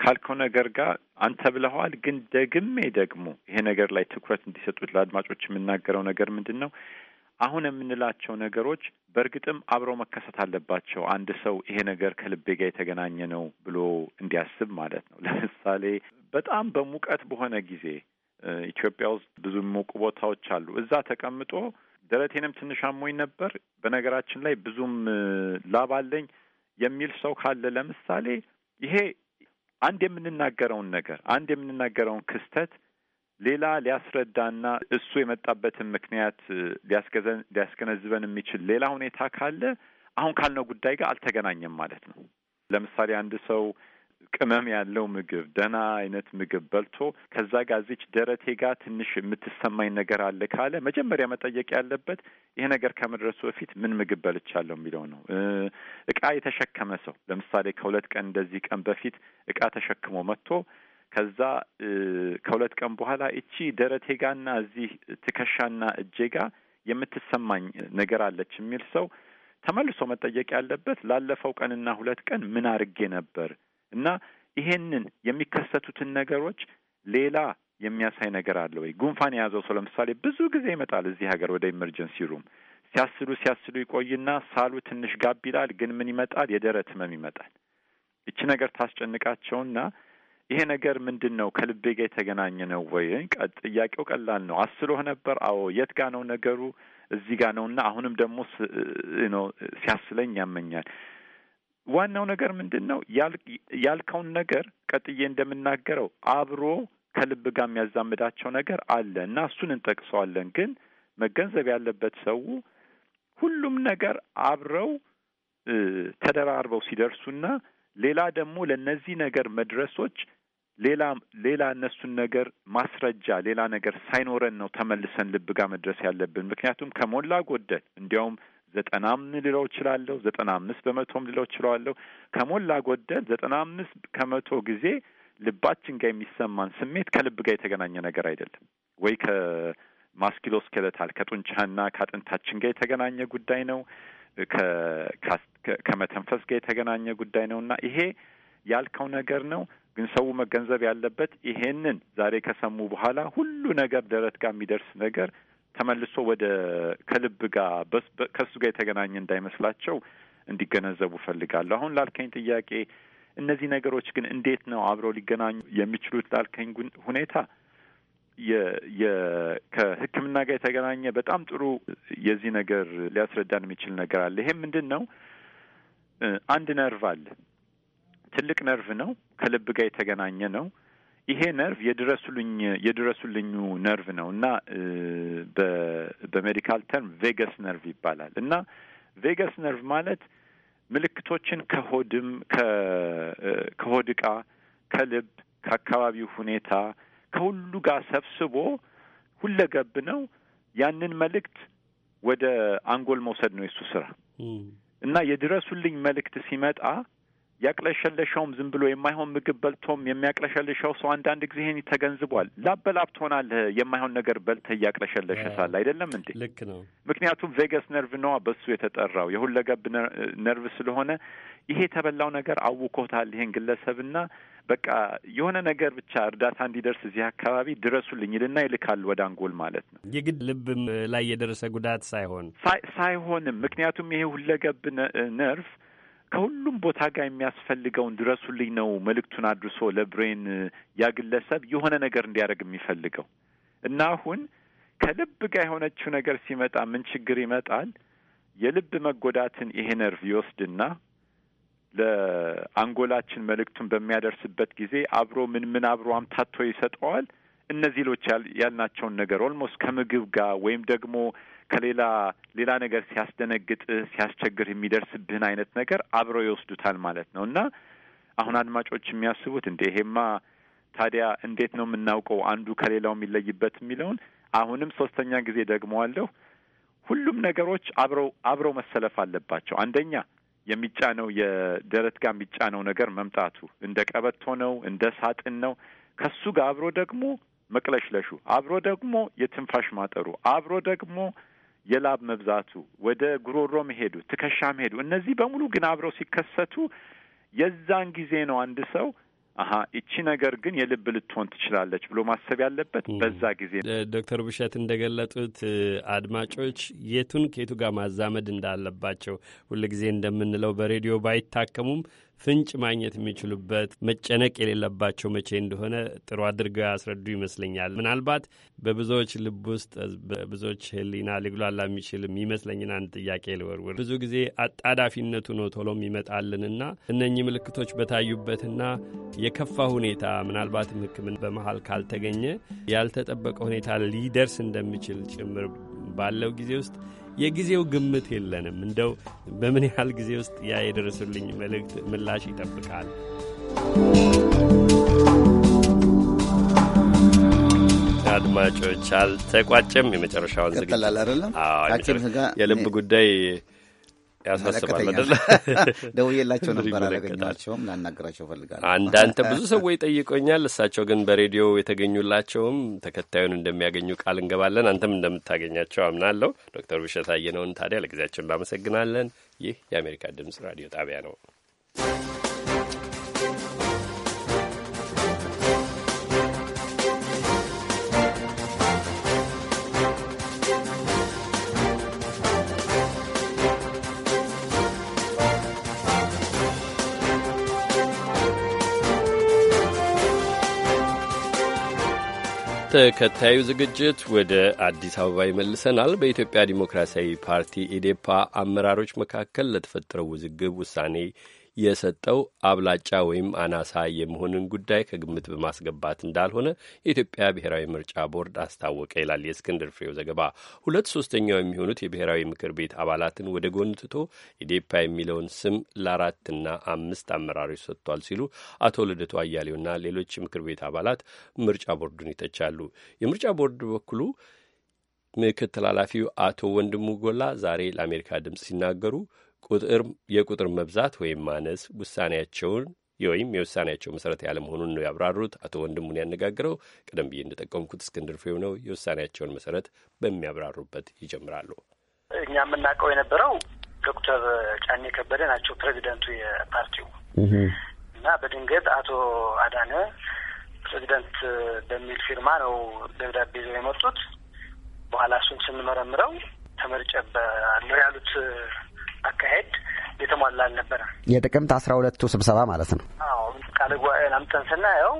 ካልከው ነገር ጋር አንተ ብለኸዋል፣ ግን ደግሜ ደግሞ ይሄ ነገር ላይ ትኩረት እንዲሰጡት ለአድማጮች የምናገረው ነገር ምንድን ነው? አሁን የምንላቸው ነገሮች በእርግጥም አብረው መከሰት አለባቸው። አንድ ሰው ይሄ ነገር ከልቤ ጋር የተገናኘ ነው ብሎ እንዲያስብ ማለት ነው። ለምሳሌ በጣም በሙቀት በሆነ ጊዜ ኢትዮጵያ ውስጥ ብዙ ሞቁ ቦታዎች አሉ። እዛ ተቀምጦ ደረቴንም ትንሽ አሞኝ ነበር፣ በነገራችን ላይ ብዙም ላብ አለኝ የሚል ሰው ካለ ለምሳሌ ይሄ አንድ የምንናገረውን ነገር አንድ የምንናገረውን ክስተት ሌላ ሊያስረዳና እሱ የመጣበትን ምክንያት ሊያስገነዝበን የሚችል ሌላ ሁኔታ ካለ አሁን ካልነው ጉዳይ ጋር አልተገናኘም ማለት ነው። ለምሳሌ አንድ ሰው ቅመም ያለው ምግብ ደህና አይነት ምግብ በልቶ ከዛ ጋር እዚች ደረቴ ጋር ትንሽ የምትሰማኝ ነገር አለ ካለ መጀመሪያ መጠየቅ ያለበት ይሄ ነገር ከመድረሱ በፊት ምን ምግብ በልቻለሁ የሚለው ነው። እቃ የተሸከመ ሰው ለምሳሌ ከሁለት ቀን እንደዚህ ቀን በፊት እቃ ተሸክሞ መጥቶ ከዛ ከሁለት ቀን በኋላ እቺ ደረቴጋና እዚህ ትከሻና እጄጋ የምትሰማኝ ነገር አለች የሚል ሰው ተመልሶ መጠየቅ ያለበት ላለፈው ቀንና ሁለት ቀን ምን አድርጌ ነበር እና ይሄንን የሚከሰቱትን ነገሮች ሌላ የሚያሳይ ነገር አለ ወይ? ጉንፋን የያዘው ሰው ለምሳሌ ብዙ ጊዜ ይመጣል እዚህ ሀገር ወደ ኢመርጀንሲ ሩም ሲያስሉ ሲያስሉ ይቆይና ሳሉ ትንሽ ጋብ ይላል። ግን ምን ይመጣል? የደረት ህመም ይመጣል። እቺ ነገር ታስጨንቃቸውና ይሄ ነገር ምንድን ነው? ከልቤ ጋር የተገናኘ ነው ወይ? ጥያቄው ቀላል ነው። አስሎህ ነበር? አዎ። የት ጋ ነው ነገሩ? እዚህ ጋ ነው እና አሁንም ደግሞ ነው ሲያስለኝ ያመኛል። ዋናው ነገር ምንድን ነው? ያልከውን ነገር ቀጥዬ እንደምናገረው አብሮ ከልብ ጋር የሚያዛምዳቸው ነገር አለ እና እሱን እንጠቅሰዋለን። ግን መገንዘብ ያለበት ሰው ሁሉም ነገር አብረው ተደራርበው ሲደርሱና ሌላ ደግሞ ለእነዚህ ነገር መድረሶች ሌላ ሌላ እነሱን ነገር ማስረጃ ሌላ ነገር ሳይኖረን ነው ተመልሰን ልብ ጋር መድረስ ያለብን። ምክንያቱም ከሞላ ጎደል እንዲያውም ዘጠናም ልለው እችላለሁ ዘጠና አምስት በመቶም ልለው እችላለሁ ከሞላ ጎደል ዘጠና አምስት ከመቶ ጊዜ ልባችን ጋር የሚሰማን ስሜት ከልብ ጋር የተገናኘ ነገር አይደለም ወይ ከማስኪሎ ስኬለታል ከጡንቻና ከአጥንታችን ጋር የተገናኘ ጉዳይ ነው ከመተንፈስ ጋር የተገናኘ ጉዳይ ነው እና ይሄ ያልከው ነገር ነው ግን ሰው መገንዘብ ያለበት ይሄንን ዛሬ ከሰሙ በኋላ ሁሉ ነገር ደረት ጋር የሚደርስ ነገር ተመልሶ ወደ ከልብ ጋር ከእሱ ጋር የተገናኘ እንዳይመስላቸው እንዲገነዘቡ ፈልጋለሁ። አሁን ላልከኝ ጥያቄ እነዚህ ነገሮች ግን እንዴት ነው አብረው ሊገናኙ የሚችሉት ላልከኝ ሁኔታ ከሕክምና ጋር የተገናኘ በጣም ጥሩ የዚህ ነገር ሊያስረዳን የሚችል ነገር አለ። ይሄ ምንድን ነው? አንድ ነርቭ አለ ትልቅ ነርቭ ነው። ከልብ ጋር የተገናኘ ነው። ይሄ ነርቭ የድረሱልኝ የድረሱልኙ ነርቭ ነው እና በሜዲካል ተርም ቬገስ ነርቭ ይባላል እና ቬገስ ነርቭ ማለት ምልክቶችን ከሆድም ከሆድ ዕቃ፣ ከልብ፣ ከአካባቢው ሁኔታ ከሁሉ ጋር ሰብስቦ ሁለገብ ነው። ያንን መልእክት ወደ አንጎል መውሰድ ነው የሱ ስራ እና የድረሱልኝ መልእክት ሲመጣ ያቅለሸለሸውም ዝም ብሎ የማይሆን ምግብ በልቶም የሚያቅለሸልሸው ሰው አንዳንድ ጊዜ ይህን ተገንዝቧል። ላብ በላብ ትሆናለህ የማይሆን ነገር በልተህ እያቅለሸለሸ ሳለ አይደለም እንዴ? ልክ ነው። ምክንያቱም ቬገስ ነርቭ ነዋ በሱ የተጠራው የሁለገብ ነርቭ ስለሆነ ይሄ የተበላው ነገር አውኮታል ይሄን ግለሰብና በቃ የሆነ ነገር ብቻ እርዳታ እንዲደርስ እዚህ አካባቢ ድረሱልኝ ይልና ይልካል ወደ አንጎል ማለት ነው። የግድ ልብም ላይ የደረሰ ጉዳት ሳይሆን ሳይሆንም ምክንያቱም ይሄ ሁለገብ ነርቭ ከሁሉም ቦታ ጋር የሚያስፈልገውን ድረሱልኝ ነው መልእክቱን አድርሶ ለብሬን ያግለሰብ የሆነ ነገር እንዲያደርግ የሚፈልገው እና አሁን ከልብ ጋር የሆነችው ነገር ሲመጣ ምን ችግር ይመጣል? የልብ መጎዳትን ይሄ ነርቭ ይወስድና ለአንጎላችን መልእክቱን በሚያደርስበት ጊዜ አብሮ ምን ምን አብሮ አምታቶ ይሰጠዋል። እነዚህ ሎች ያልናቸውን ነገር ኦልሞስት ከምግብ ጋር ወይም ደግሞ ከሌላ ሌላ ነገር ሲያስደነግጥህ ሲያስቸግርህ የሚደርስብህን አይነት ነገር አብረው ይወስዱታል ማለት ነው እና አሁን አድማጮች የሚያስቡት እንዴ ይሄማ ታዲያ እንዴት ነው የምናውቀው አንዱ ከሌላው የሚለይበት የሚለውን አሁንም ሶስተኛ ጊዜ ደግመዋለሁ። ሁሉም ነገሮች አብረው አብረው መሰለፍ አለባቸው። አንደኛ የሚጫነው የደረት ጋር የሚጫነው ነገር መምጣቱ እንደ ቀበቶ ነው፣ እንደ ሳጥን ነው። ከሱ ጋር አብሮ ደግሞ መቅለሽለሹ፣ አብሮ ደግሞ የትንፋሽ ማጠሩ፣ አብሮ ደግሞ የላብ መብዛቱ፣ ወደ ጉሮሮ መሄዱ፣ ትከሻ መሄዱ፣ እነዚህ በሙሉ ግን አብረው ሲከሰቱ የዛን ጊዜ ነው አንድ ሰው አሀ እቺ ነገር ግን የልብ ልትሆን ትችላለች ብሎ ማሰብ ያለበት በዛ ጊዜ። ዶክተር ብሸት እንደገለጡት አድማጮች የቱን ከየቱ ጋር ማዛመድ እንዳለባቸው ሁልጊዜ እንደምንለው በሬዲዮ ባይታከሙም ፍንጭ ማግኘት የሚችሉበት መጨነቅ የሌለባቸው መቼ እንደሆነ ጥሩ አድርገው ያስረዱ ይመስለኛል። ምናልባት በብዙዎች ልብ ውስጥ በብዙዎች ሕሊና ሊጉላላ የሚችል የሚመስለኝን አንድ ጥያቄ ልወርውር። ብዙ ጊዜ አጣዳፊነቱ ነው ቶሎም ይመጣልንና እነኚህ ምልክቶች በታዩበትና የከፋ ሁኔታ ምናልባትም ሕክምና በመሀል ካልተገኘ ያልተጠበቀ ሁኔታ ሊደርስ እንደሚችል ጭምር ባለው ጊዜ ውስጥ የጊዜው ግምት የለንም። እንደው በምን ያህል ጊዜ ውስጥ ያ የደረሱልኝ መልእክት ምላሽ ይጠብቃል? አድማጮች አልተቋጨም። የመጨረሻውን ዝግጅት የልብ ጉዳይ ያሳስባል። ደውዬላቸው ነበር፣ አላገኘኋቸውም። ላናገራቸው እፈልጋለሁ። አንዳንተ ብዙ ሰዎች ጠይቆኛል። እሳቸው ግን በሬዲዮ የተገኙላቸውም ተከታዩን እንደሚያገኙ ቃል እንገባለን። አንተም እንደምታገኛቸው አምናለሁ። ዶክተር ብሸት አየነውን ታዲያ ለጊዜያቸው እናመሰግናለን። ይህ የአሜሪካ ድምጽ ራዲዮ ጣቢያ ነው። ተከታዩ ዝግጅት ወደ አዲስ አበባ ይመልሰናል። በኢትዮጵያ ዲሞክራሲያዊ ፓርቲ ኢዴፓ አመራሮች መካከል ለተፈጠረው ውዝግብ ውሳኔ የሰጠው አብላጫ ወይም አናሳ የመሆንን ጉዳይ ከግምት በማስገባት እንዳልሆነ የኢትዮጵያ ብሔራዊ ምርጫ ቦርድ አስታወቀ ይላል የእስክንድር ፍሬው ዘገባ። ሁለት ሶስተኛው የሚሆኑት የብሔራዊ ምክር ቤት አባላትን ወደ ጎን ትቶ ኢዴፓ የሚለውን ስም ለአራትና አምስት አመራሮች ሰጥቷል ሲሉ አቶ ልደቱ አያሌውና ሌሎች የምክር ቤት አባላት ምርጫ ቦርዱን ይተቻሉ። የምርጫ ቦርድ በኩሉ ምክትል ኃላፊው አቶ ወንድሙ ጎላ ዛሬ ለአሜሪካ ድምፅ ሲናገሩ ቁጥር የቁጥር መብዛት ወይም ማነስ ውሳኔያቸውን ወይም የውሳኔያቸው መሰረት ያለመሆኑን ነው ያብራሩት። አቶ ወንድሙን ያነጋግረው ቀደም ብዬ እንደጠቀምኩት እስክንድር ፍሬው ነው። የውሳኔያቸውን መሰረት በሚያብራሩበት ይጀምራሉ። እኛ የምናውቀው የነበረው ዶክተር ጫኔ ከበደ ናቸው ፕሬዚደንቱ የፓርቲው እና በድንገት አቶ አዳነ ፕሬዚደንት በሚል ፊርማ ነው ደብዳቤ ይዘው የመጡት። በኋላ እሱን ስንመረምረው ተመርጨ ያሉት አካሄድ የተሟላ አልነበረ። የጥቅምት አስራ ሁለቱ ስብሰባ ማለት ነው። አዎ ቃለ ጉባኤን አምጠን ስናየው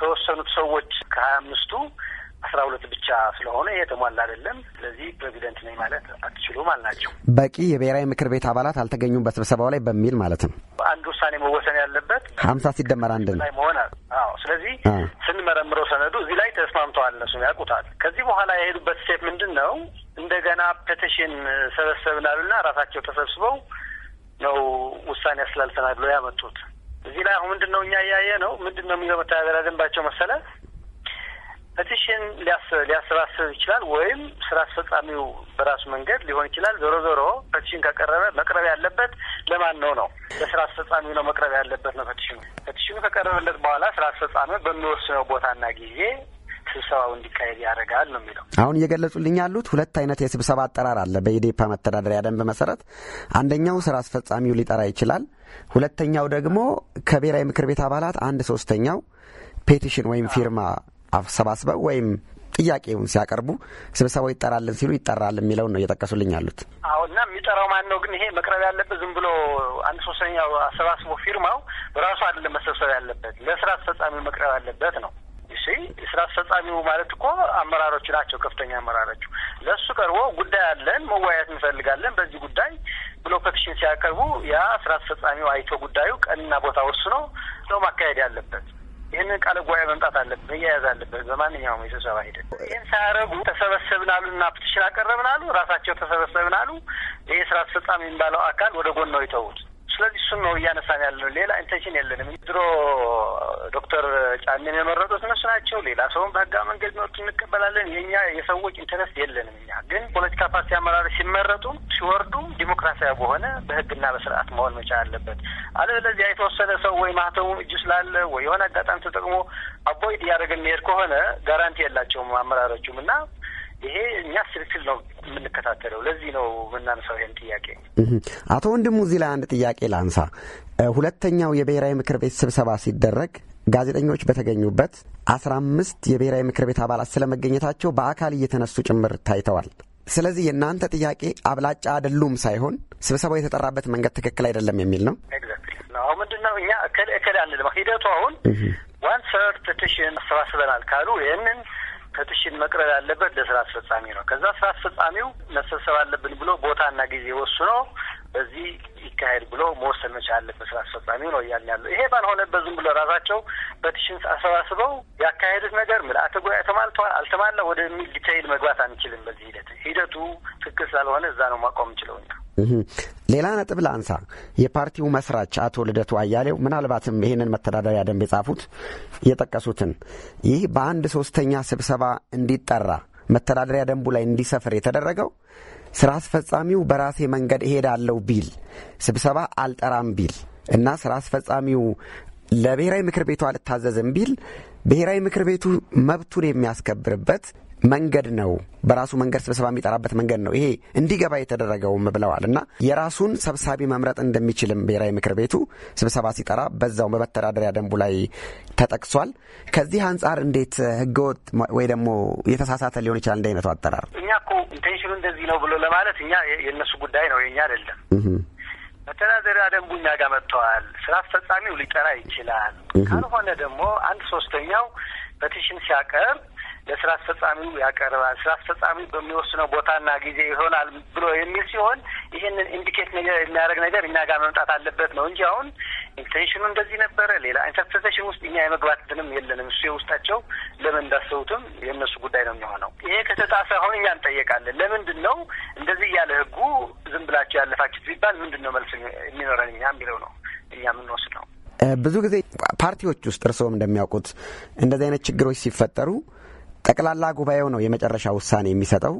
ከወሰኑት ሰዎች ከሀያ አምስቱ አስራ ሁለት ብቻ ስለሆነ ይሄ የተሟላ አይደለም። ስለዚህ ፕሬዚደንት ነኝ ማለት አትችሉም አልናቸው። በቂ የብሔራዊ ምክር ቤት አባላት አልተገኙም በስብሰባው ላይ በሚል ማለት ነው። አንድ ውሳኔ መወሰን ያለበት ሀምሳ ሲደመር አንድ ነው መሆን አዎ። ስለዚህ ስንመረምረው ሰነዱ እዚህ ላይ ተስማምተዋል፣ እነሱ ያውቁታል። ከዚህ በኋላ የሄዱበት ስቴፕ ምንድን ነው? እንደገና ፔቲሽን ሰበሰብናልና ራሳቸው ተሰብስበው ነው ውሳኔ ያስላልፈናል ብሎ ያመጡት። እዚህ ላይ አሁን ምንድን ነው እኛ እያየ ነው ምንድን ነው የሚለው መተዳደሪያ ደንባቸው መሰለ ፐቲሽን ሊያሰባስብ ይችላል ወይም ስራ አስፈጻሚው በራሱ መንገድ ሊሆን ይችላል። ዞሮ ዞሮ ፐቲሽን ከቀረበ መቅረብ ያለበት ለማን ነው ነው? ለስራ አስፈጻሚው ነው መቅረብ ያለበት ነው። ፐቲሽኑ ፐቲሽኑ ከቀረበለት በኋላ ስራ አስፈጻሚ በሚወስነው ቦታና ጊዜ ስብሰባው እንዲካሄድ ያደርጋል ነው የሚለው። አሁን እየገለጹልኝ ያሉት ሁለት አይነት የስብሰባ አጠራር አለ በኢዴፓ መተዳደሪያ ደንብ መሰረት። አንደኛው ስራ አስፈጻሚው ሊጠራ ይችላል። ሁለተኛው ደግሞ ከብሔራዊ ምክር ቤት አባላት አንድ ሶስተኛው ፔቲሽን ወይም ፊርማ አሰባስበው ወይም ጥያቄውን ሲያቀርቡ ስብሰባው ይጠራልን ሲሉ ይጠራል የሚለውን ነው እየጠቀሱልኝ ያሉት። አዎ እና የሚጠራው ማን ነው ግን? ይሄ መቅረብ ያለበት ዝም ብሎ አንድ ሶስተኛው አሰባስቦ ፊርማው ራሱ አይደለም መሰብሰብ ያለበት፣ ለስራ አስፈጻሚው መቅረብ ያለበት ነው። እሺ ስራ አስፈጻሚው ማለት እኮ አመራሮች ናቸው፣ ከፍተኛ አመራሮች። ለእሱ ቀርቦ ጉዳይ አለን፣ መወያየት እንፈልጋለን በዚህ ጉዳይ ብሎ ፔቲሽን ሲያቀርቡ ያ ስራ አስፈጻሚው አይቶ ጉዳዩ ቀንና ቦታ ወስኖ ነው ማካሄድ ያለበት። ይህንን ቃለ ጉባኤ መምጣት አለብን፣ መያያዝ አለበት። በማንኛውም የስብሰባ ሂደት ይህን ሳያረጉ ተሰበሰብን አሉ እና ፕቲሽን አቀረብን አሉ፣ ራሳቸው ተሰበሰብን አሉ። ይህ ስራ አስፈጻሚ የሚባለው አካል ወደ ጎን ነው ይተዉት። ስለዚህ እሱን ነው እያነሳን ያለ ሌላ ኢንቴንሽን የለንም። ድሮ ዶክተር ጫኔን የመረጡት እነሱ ናቸው። ሌላ ሰውን በህጋዊ መንገድ መርቱ እንቀበላለን። የእኛ የሰዎች ኢንተረስት የለንም። እኛ ግን ፖለቲካ ፓርቲ አመራሮች ሲመረጡ ሲወርዱ ዲሞክራሲያዊ በሆነ በህግና በስርዓት መሆን መቻል አለበት። አለበለዚያ የተወሰነ ሰው ወይ ማህተሙ እጁ ስላለ ወይ የሆነ አጋጣሚ ተጠቅሞ አቦይድ እያደረገ የሚሄድ ከሆነ ጋራንቲ የላቸውም አመራሮቹም እና ይሄ እኛ ስልክል ነው የምንከታተለው። ለዚህ ነው የምናነሳው ይህን ጥያቄ። አቶ ወንድሙ እዚህ ላይ አንድ ጥያቄ ላንሳ። ሁለተኛው የብሔራዊ ምክር ቤት ስብሰባ ሲደረግ ጋዜጠኞች በተገኙበት አስራ አምስት የብሔራዊ ምክር ቤት አባላት ስለመገኘታቸው በአካል እየተነሱ ጭምር ታይተዋል። ስለዚህ የእናንተ ጥያቄ አብላጫ አይደሉም ሳይሆን ስብሰባው የተጠራበት መንገድ ትክክል አይደለም የሚል ነው። አሁን ምንድን ነው እኛ እከል እከል አንልም። ሂደቱ አሁን ዋን ሰርድ ፔቲሽን አሰባስበናል ካሉ ይህንን ከትሽን መቅረብ ያለበት ለስራ አስፈጻሚ ነው። ከዛ ስራ አስፈጻሚው መሰብሰብ አለብን ብሎ ቦታና ጊዜ ወስኖ በዚህ ይካሄድ ብሎ መወሰን መቻል አለበት ስራ አስፈጻሚ ነው እያልን ያለው። ይሄ ባልሆነበት ዝም ብሎ ራሳቸው በትሽን አሰባስበው ያካሄዱት ነገር ምልአተ ጉባኤ ተማልተዋል አልተማላ ወደሚል ዲታይል መግባት አንችልም። በዚህ ሂደት ሂደቱ ትክክል ስላልሆነ እዛ ነው ማቆም እንችለው። ሌላ ነጥብ ላንሳ። የፓርቲው መስራች አቶ ልደቱ አያሌው ምናልባትም ይህንን መተዳደሪያ ደንብ የጻፉት የጠቀሱትን ይህ በአንድ ሶስተኛ ስብሰባ እንዲጠራ መተዳደሪያ ደንቡ ላይ እንዲሰፍር የተደረገው ስራ አስፈጻሚው በራሴ መንገድ እሄዳለሁ ቢል፣ ስብሰባ አልጠራም ቢል እና ስራ አስፈጻሚው ለብሔራዊ ምክር ቤቱ አልታዘዝም ቢል ብሔራዊ ምክር ቤቱ መብቱን የሚያስከብርበት መንገድ ነው። በራሱ መንገድ ስብሰባ የሚጠራበት መንገድ ነው ይሄ እንዲገባ የተደረገውም ብለዋል እና የራሱን ሰብሳቢ መምረጥ እንደሚችልም ብሔራዊ ምክር ቤቱ ስብሰባ ሲጠራ በዛው በመተዳደሪያ ደንቡ ላይ ተጠቅሷል። ከዚህ አንጻር እንዴት ህገወጥ ወይ ደግሞ የተሳሳተ ሊሆን ይችላል እንደ አይነቱ አጠራር? እኛ እኮ ኢንቴንሽኑ እንደዚህ ነው ብሎ ለማለት እኛ የእነሱ ጉዳይ ነው የእኛ አይደለም። መተዳደሪያ ደንቡ እኛ ጋር መጥተዋል። ስራ አስፈጻሚው ሊጠራ ይችላል። ካልሆነ ደግሞ አንድ ሶስተኛው ፔቲሽን ሲያቀርብ ለስራ አስፈጻሚው ያቀርባል። ስራ አስፈጻሚው በሚወስነው ቦታና ጊዜ ይሆናል ብሎ የሚል ሲሆን ይህንን ኢንዲኬት ነገር የሚያደርግ ነገር እኛ ጋር መምጣት አለበት ነው እንጂ አሁን ኢንቴንሽኑ እንደዚህ ነበረ፣ ሌላ ኢንተርፕሬቴሽን ውስጥ እኛ የመግባት እንትንም የለንም። እሱ የውስጣቸው ለምን እንዳሰቡትም የእነሱ ጉዳይ ነው የሚሆነው። ይሄ ከተጣሰ አሁን እኛ እንጠየቃለን። ለምንድን ነው እንደዚህ እያለ ህጉ ዝም ብላቸው ያለፋችሁት ቢባል ምንድን ነው መልስ የሚኖረን እኛ የሚለው ነው እኛ የምንወስድ ነው። ብዙ ጊዜ ፓርቲዎች ውስጥ እርስዎም እንደሚያውቁት እንደዚህ አይነት ችግሮች ሲፈጠሩ ጠቅላላ ጉባኤው ነው የመጨረሻ ውሳኔ የሚሰጠው።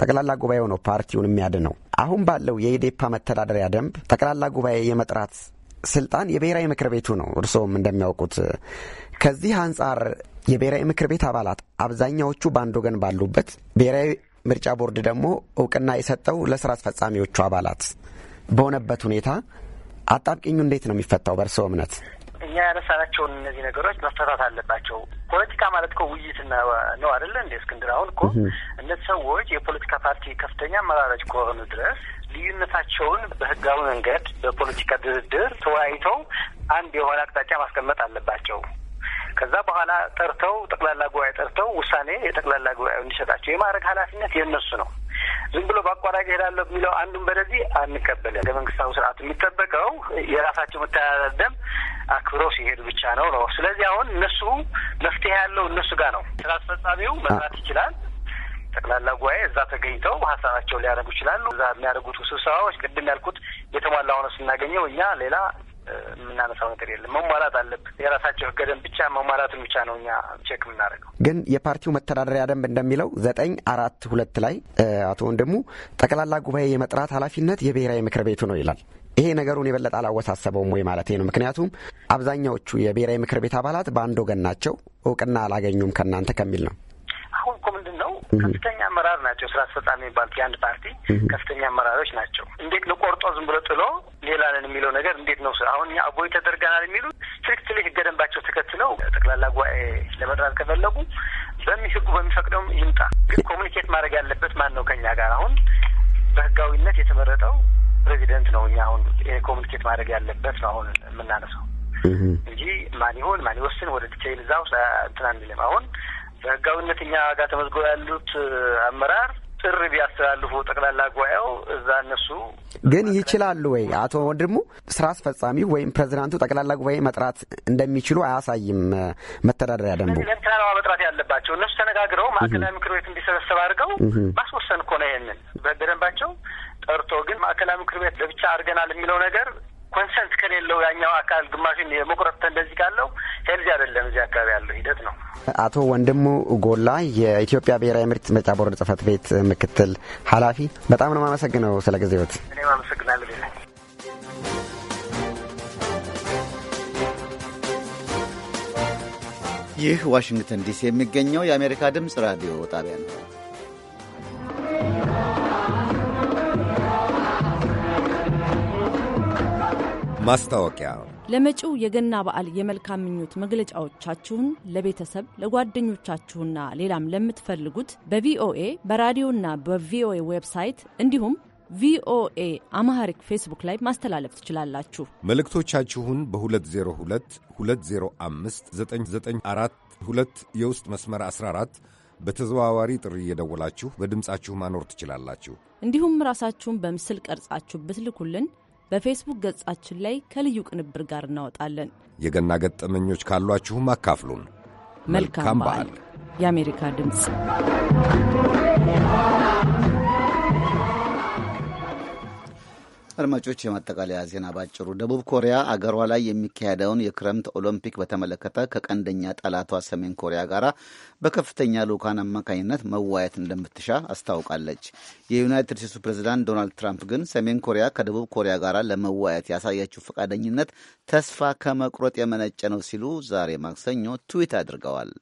ጠቅላላ ጉባኤው ነው ፓርቲውን የሚያድነው። አሁን ባለው የኢዴፓ መተዳደሪያ ደንብ ጠቅላላ ጉባኤ የመጥራት ስልጣን የብሔራዊ ምክር ቤቱ ነው፣ እርስዎም እንደሚያውቁት። ከዚህ አንጻር የብሔራዊ ምክር ቤት አባላት አብዛኛዎቹ በአንድ ወገን ባሉበት፣ ብሔራዊ ምርጫ ቦርድ ደግሞ እውቅና የሰጠው ለስራ አስፈጻሚዎቹ አባላት በሆነበት ሁኔታ አጣብቂኙ እንዴት ነው የሚፈታው በእርስዎ እምነት? እኛ ያነሳናቸውን እነዚህ ነገሮች መፈታት አለባቸው። ፖለቲካ ማለት እኮ ውይይት ነው አደለ እንደ እስክንድር። አሁን እኮ እነዚህ ሰዎች የፖለቲካ ፓርቲ ከፍተኛ አመራሮች ከሆኑ ድረስ ልዩነታቸውን በህጋዊ መንገድ በፖለቲካ ድርድር ተወያይተው አንድ የሆነ አቅጣጫ ማስቀመጥ አለባቸው። ከዛ በኋላ ጠርተው ጠቅላላ ጉባኤ ጠርተው ውሳኔ የጠቅላላ ጉባኤ እንዲሰጣቸው የማድረግ ኃላፊነት የእነሱ ነው። ዝም ብሎ በአቋራጭ እሄዳለሁ የሚለው አንዱን በደዚህ አንቀበልም። ህገ መንግስታዊ ስርዓቱ የሚጠበቀው የራሳቸው መተዳደር ደንብ አክብረው ሲሄዱ ብቻ ነው ነው። ስለዚህ አሁን እነሱ መፍትሄ ያለው እነሱ ጋር ነው። ስራ አስፈጻሚው መስራት ይችላል። ጠቅላላ ጉባኤ እዛ ተገኝተው ሀሳባቸው ሊያደርጉ ይችላሉ። እዛ የሚያደርጉት ስብሰባዎች ቅድም ያልኩት የተሟላ ሆነ ስናገኘው እኛ ሌላ የምናነሳው ነገር የለም። መሟላት አለብን። የራሳቸው ህገ ደንብ ብቻ መሟላቱን ብቻ ነው እኛ ቼክ የምናደርገው። ግን የፓርቲው መተዳደሪያ ደንብ እንደሚለው ዘጠኝ አራት ሁለት ላይ አቶ ወንድሙ ጠቅላላ ጉባኤ የመጥራት ኃላፊነት የብሔራዊ ምክር ቤቱ ነው ይላል። ይሄ ነገሩን የበለጠ አላወሳሰበውም ወይ ማለት ነው። ምክንያቱም አብዛኛዎቹ የብሔራዊ ምክር ቤት አባላት በአንድ ወገን ናቸው፣ እውቅና አላገኙም ከእናንተ ከሚል ነው። አሁን እኮ ምንድን ነው ከፍተኛ አመራር ናቸው። ስራ አስፈጻሚ የሚባሉት የአንድ ፓርቲ ከፍተኛ አመራሮች ናቸው። እንዴት ነው ቆርጦ ዝም ብሎ ጥሎ ሌላ ነን የሚለው ነገር እንዴት ነው? አሁን አቦይ ተደርገናል የሚሉ ስትሪክትሊ ህገ ደንባቸው ተከትለው ጠቅላላ ጉባኤ ለመጥራት ከፈለጉ በሚህጉ በሚፈቅደውም ይምጣ። ግን ኮሚኒኬት ማድረግ ያለበት ማን ነው? ከኛ ጋር አሁን በህጋዊነት የተመረጠው ፕሬዚደንት ነው እኛ አሁን ይሄ ኮሚኒኬት ማድረግ ያለበት ነው አሁን የምናነሳው እንጂ ማን ይሆን ማን ይወስን ወደ ዲቴይል እዛ ውስጥ እንትን አንልም። አሁን በህጋዊነት እኛ ጋር ተመዝግበው ያሉት አመራር ጥሪ ቢያስተላልፉ ጠቅላላ ጉባኤው እዛ እነሱ ግን ይችላሉ ወይ? አቶ ወንድሙ ስራ አስፈጻሚ ወይም ፕሬዚዳንቱ ጠቅላላ ጉባኤ መጥራት እንደሚችሉ አያሳይም መተዳደሪያ ደንቡ። ለእንትና መጥራት ያለባቸው እነሱ ተነጋግረው ማዕከላዊ ምክር ቤት እንዲሰበሰብ አድርገው ማስወሰን እኮ ነው። ይሄንን በህገ ደንባቸው ጠርቶ ግን ማዕከላዊ ምክር ቤት ለብቻ አድርገናል የሚለው ነገር ኮንሰንት ከሌለው ያኛው አካል ግማሽን የመቁረጥ እንደዚህ ካለው ሄልዚ አይደለም። እዚህ አካባቢ ያለው ሂደት ነው። አቶ ወንድሙ ጎላ የኢትዮጵያ ብሔራዊ ምርጫ ምርጫ ቦርድ ጽህፈት ቤት ምክትል ኃላፊ፣ በጣም ነው የማመሰግነው ስለ ጊዜዎት። እኔም አመሰግናለሁ። ይህ ዋሽንግተን ዲሲ የሚገኘው የአሜሪካ ድምፅ ራዲዮ ጣቢያ ነው። ማስታወቂያ ለመጪው የገና በዓል የመልካም ምኞት መግለጫዎቻችሁን ለቤተሰብ ለጓደኞቻችሁና ሌላም ለምትፈልጉት በቪኦኤ በራዲዮና በቪኦኤ ዌብሳይት እንዲሁም ቪኦኤ አማሐሪክ ፌስቡክ ላይ ማስተላለፍ ትችላላችሁ። መልእክቶቻችሁን በ202 205 9942 የውስጥ መስመር 14 በተዘዋዋሪ ጥሪ እየደወላችሁ በድምፃችሁ ማኖር ትችላላችሁ። እንዲሁም ራሳችሁን በምስል ቀርጻችሁ ብትልኩልን በፌስቡክ ገጻችን ላይ ከልዩ ቅንብር ጋር እናወጣለን። የገና ገጠመኞች ካሏችሁም አካፍሉን። መልካም በዓል። የአሜሪካ ድምፅ አድማጮች፣ የማጠቃለያ ዜና ባጭሩ። ደቡብ ኮሪያ አገሯ ላይ የሚካሄደውን የክረምት ኦሎምፒክ በተመለከተ ከቀንደኛ ጠላቷ ሰሜን ኮሪያ ጋር በከፍተኛ ልዑካን አማካኝነት መዋየት እንደምትሻ አስታውቃለች። የዩናይትድ ስቴትሱ ፕሬዚዳንት ዶናልድ ትራምፕ ግን ሰሜን ኮሪያ ከደቡብ ኮሪያ ጋር ለመዋየት ያሳየችው ፈቃደኝነት ተስፋ ከመቁረጥ የመነጨ ነው ሲሉ ዛሬ ማክሰኞ ትዊት አድርገዋል።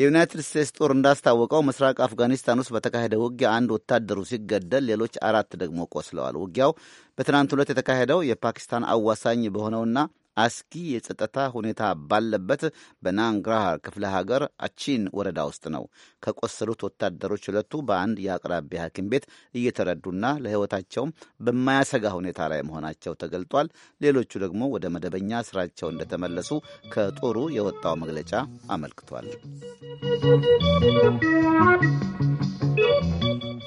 የዩናይትድ ስቴትስ ጦር እንዳስታወቀው ምስራቅ አፍጋኒስታን ውስጥ በተካሄደ ውጊያ አንድ ወታደሩ ሲገደል ሌሎች አራት ደግሞ ቆስለዋል። ውጊያው በትናንት ዕለት የተካሄደው የፓኪስታን አዋሳኝ በሆነውና አስጊ የጸጥታ ሁኔታ ባለበት በናንግርሃር ክፍለ ሀገር አቺን ወረዳ ውስጥ ነው። ከቆሰሉት ወታደሮች ሁለቱ በአንድ የአቅራቢያ ሐኪም ቤት እየተረዱና ለሕይወታቸውም በማያሰጋ ሁኔታ ላይ መሆናቸው ተገልጧል። ሌሎቹ ደግሞ ወደ መደበኛ ስራቸው እንደተመለሱ ከጦሩ የወጣው መግለጫ አመልክቷል።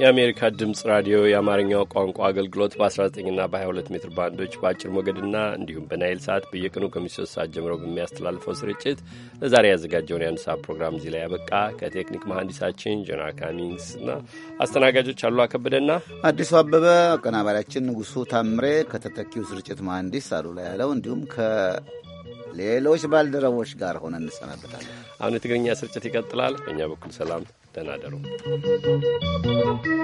የአሜሪካ ድምፅ ራዲዮ የአማርኛው ቋንቋ አገልግሎት በ19ና በ22 ሜትር ባንዶች በአጭር ሞገድና እንዲሁም በናይል ሰዓት በየቀኑ ከምሽቱ ሰዓት ጀምሮ በሚያስተላልፈው ስርጭት ለዛሬ ያዘጋጀውን የአንድ ሰዓት ፕሮግራም እዚህ ላይ ያበቃ። ከቴክኒክ መሐንዲሳችን ጆና ካሚንግስና አስተናጋጆች አሉ ከበደና አዲሱ አበበ፣ አቀናባሪያችን ንጉሱ ታምሬ ከተተኪው ስርጭት መሐንዲስ ላይ ያለው እንዲሁም ከሌሎች ባልደረቦች ጋር ሆነ እንሰናበታለን። አሁን የትግርኛ ስርጭት ይቀጥላል። በእኛ በኩል ሰላም ደህና አደሩ።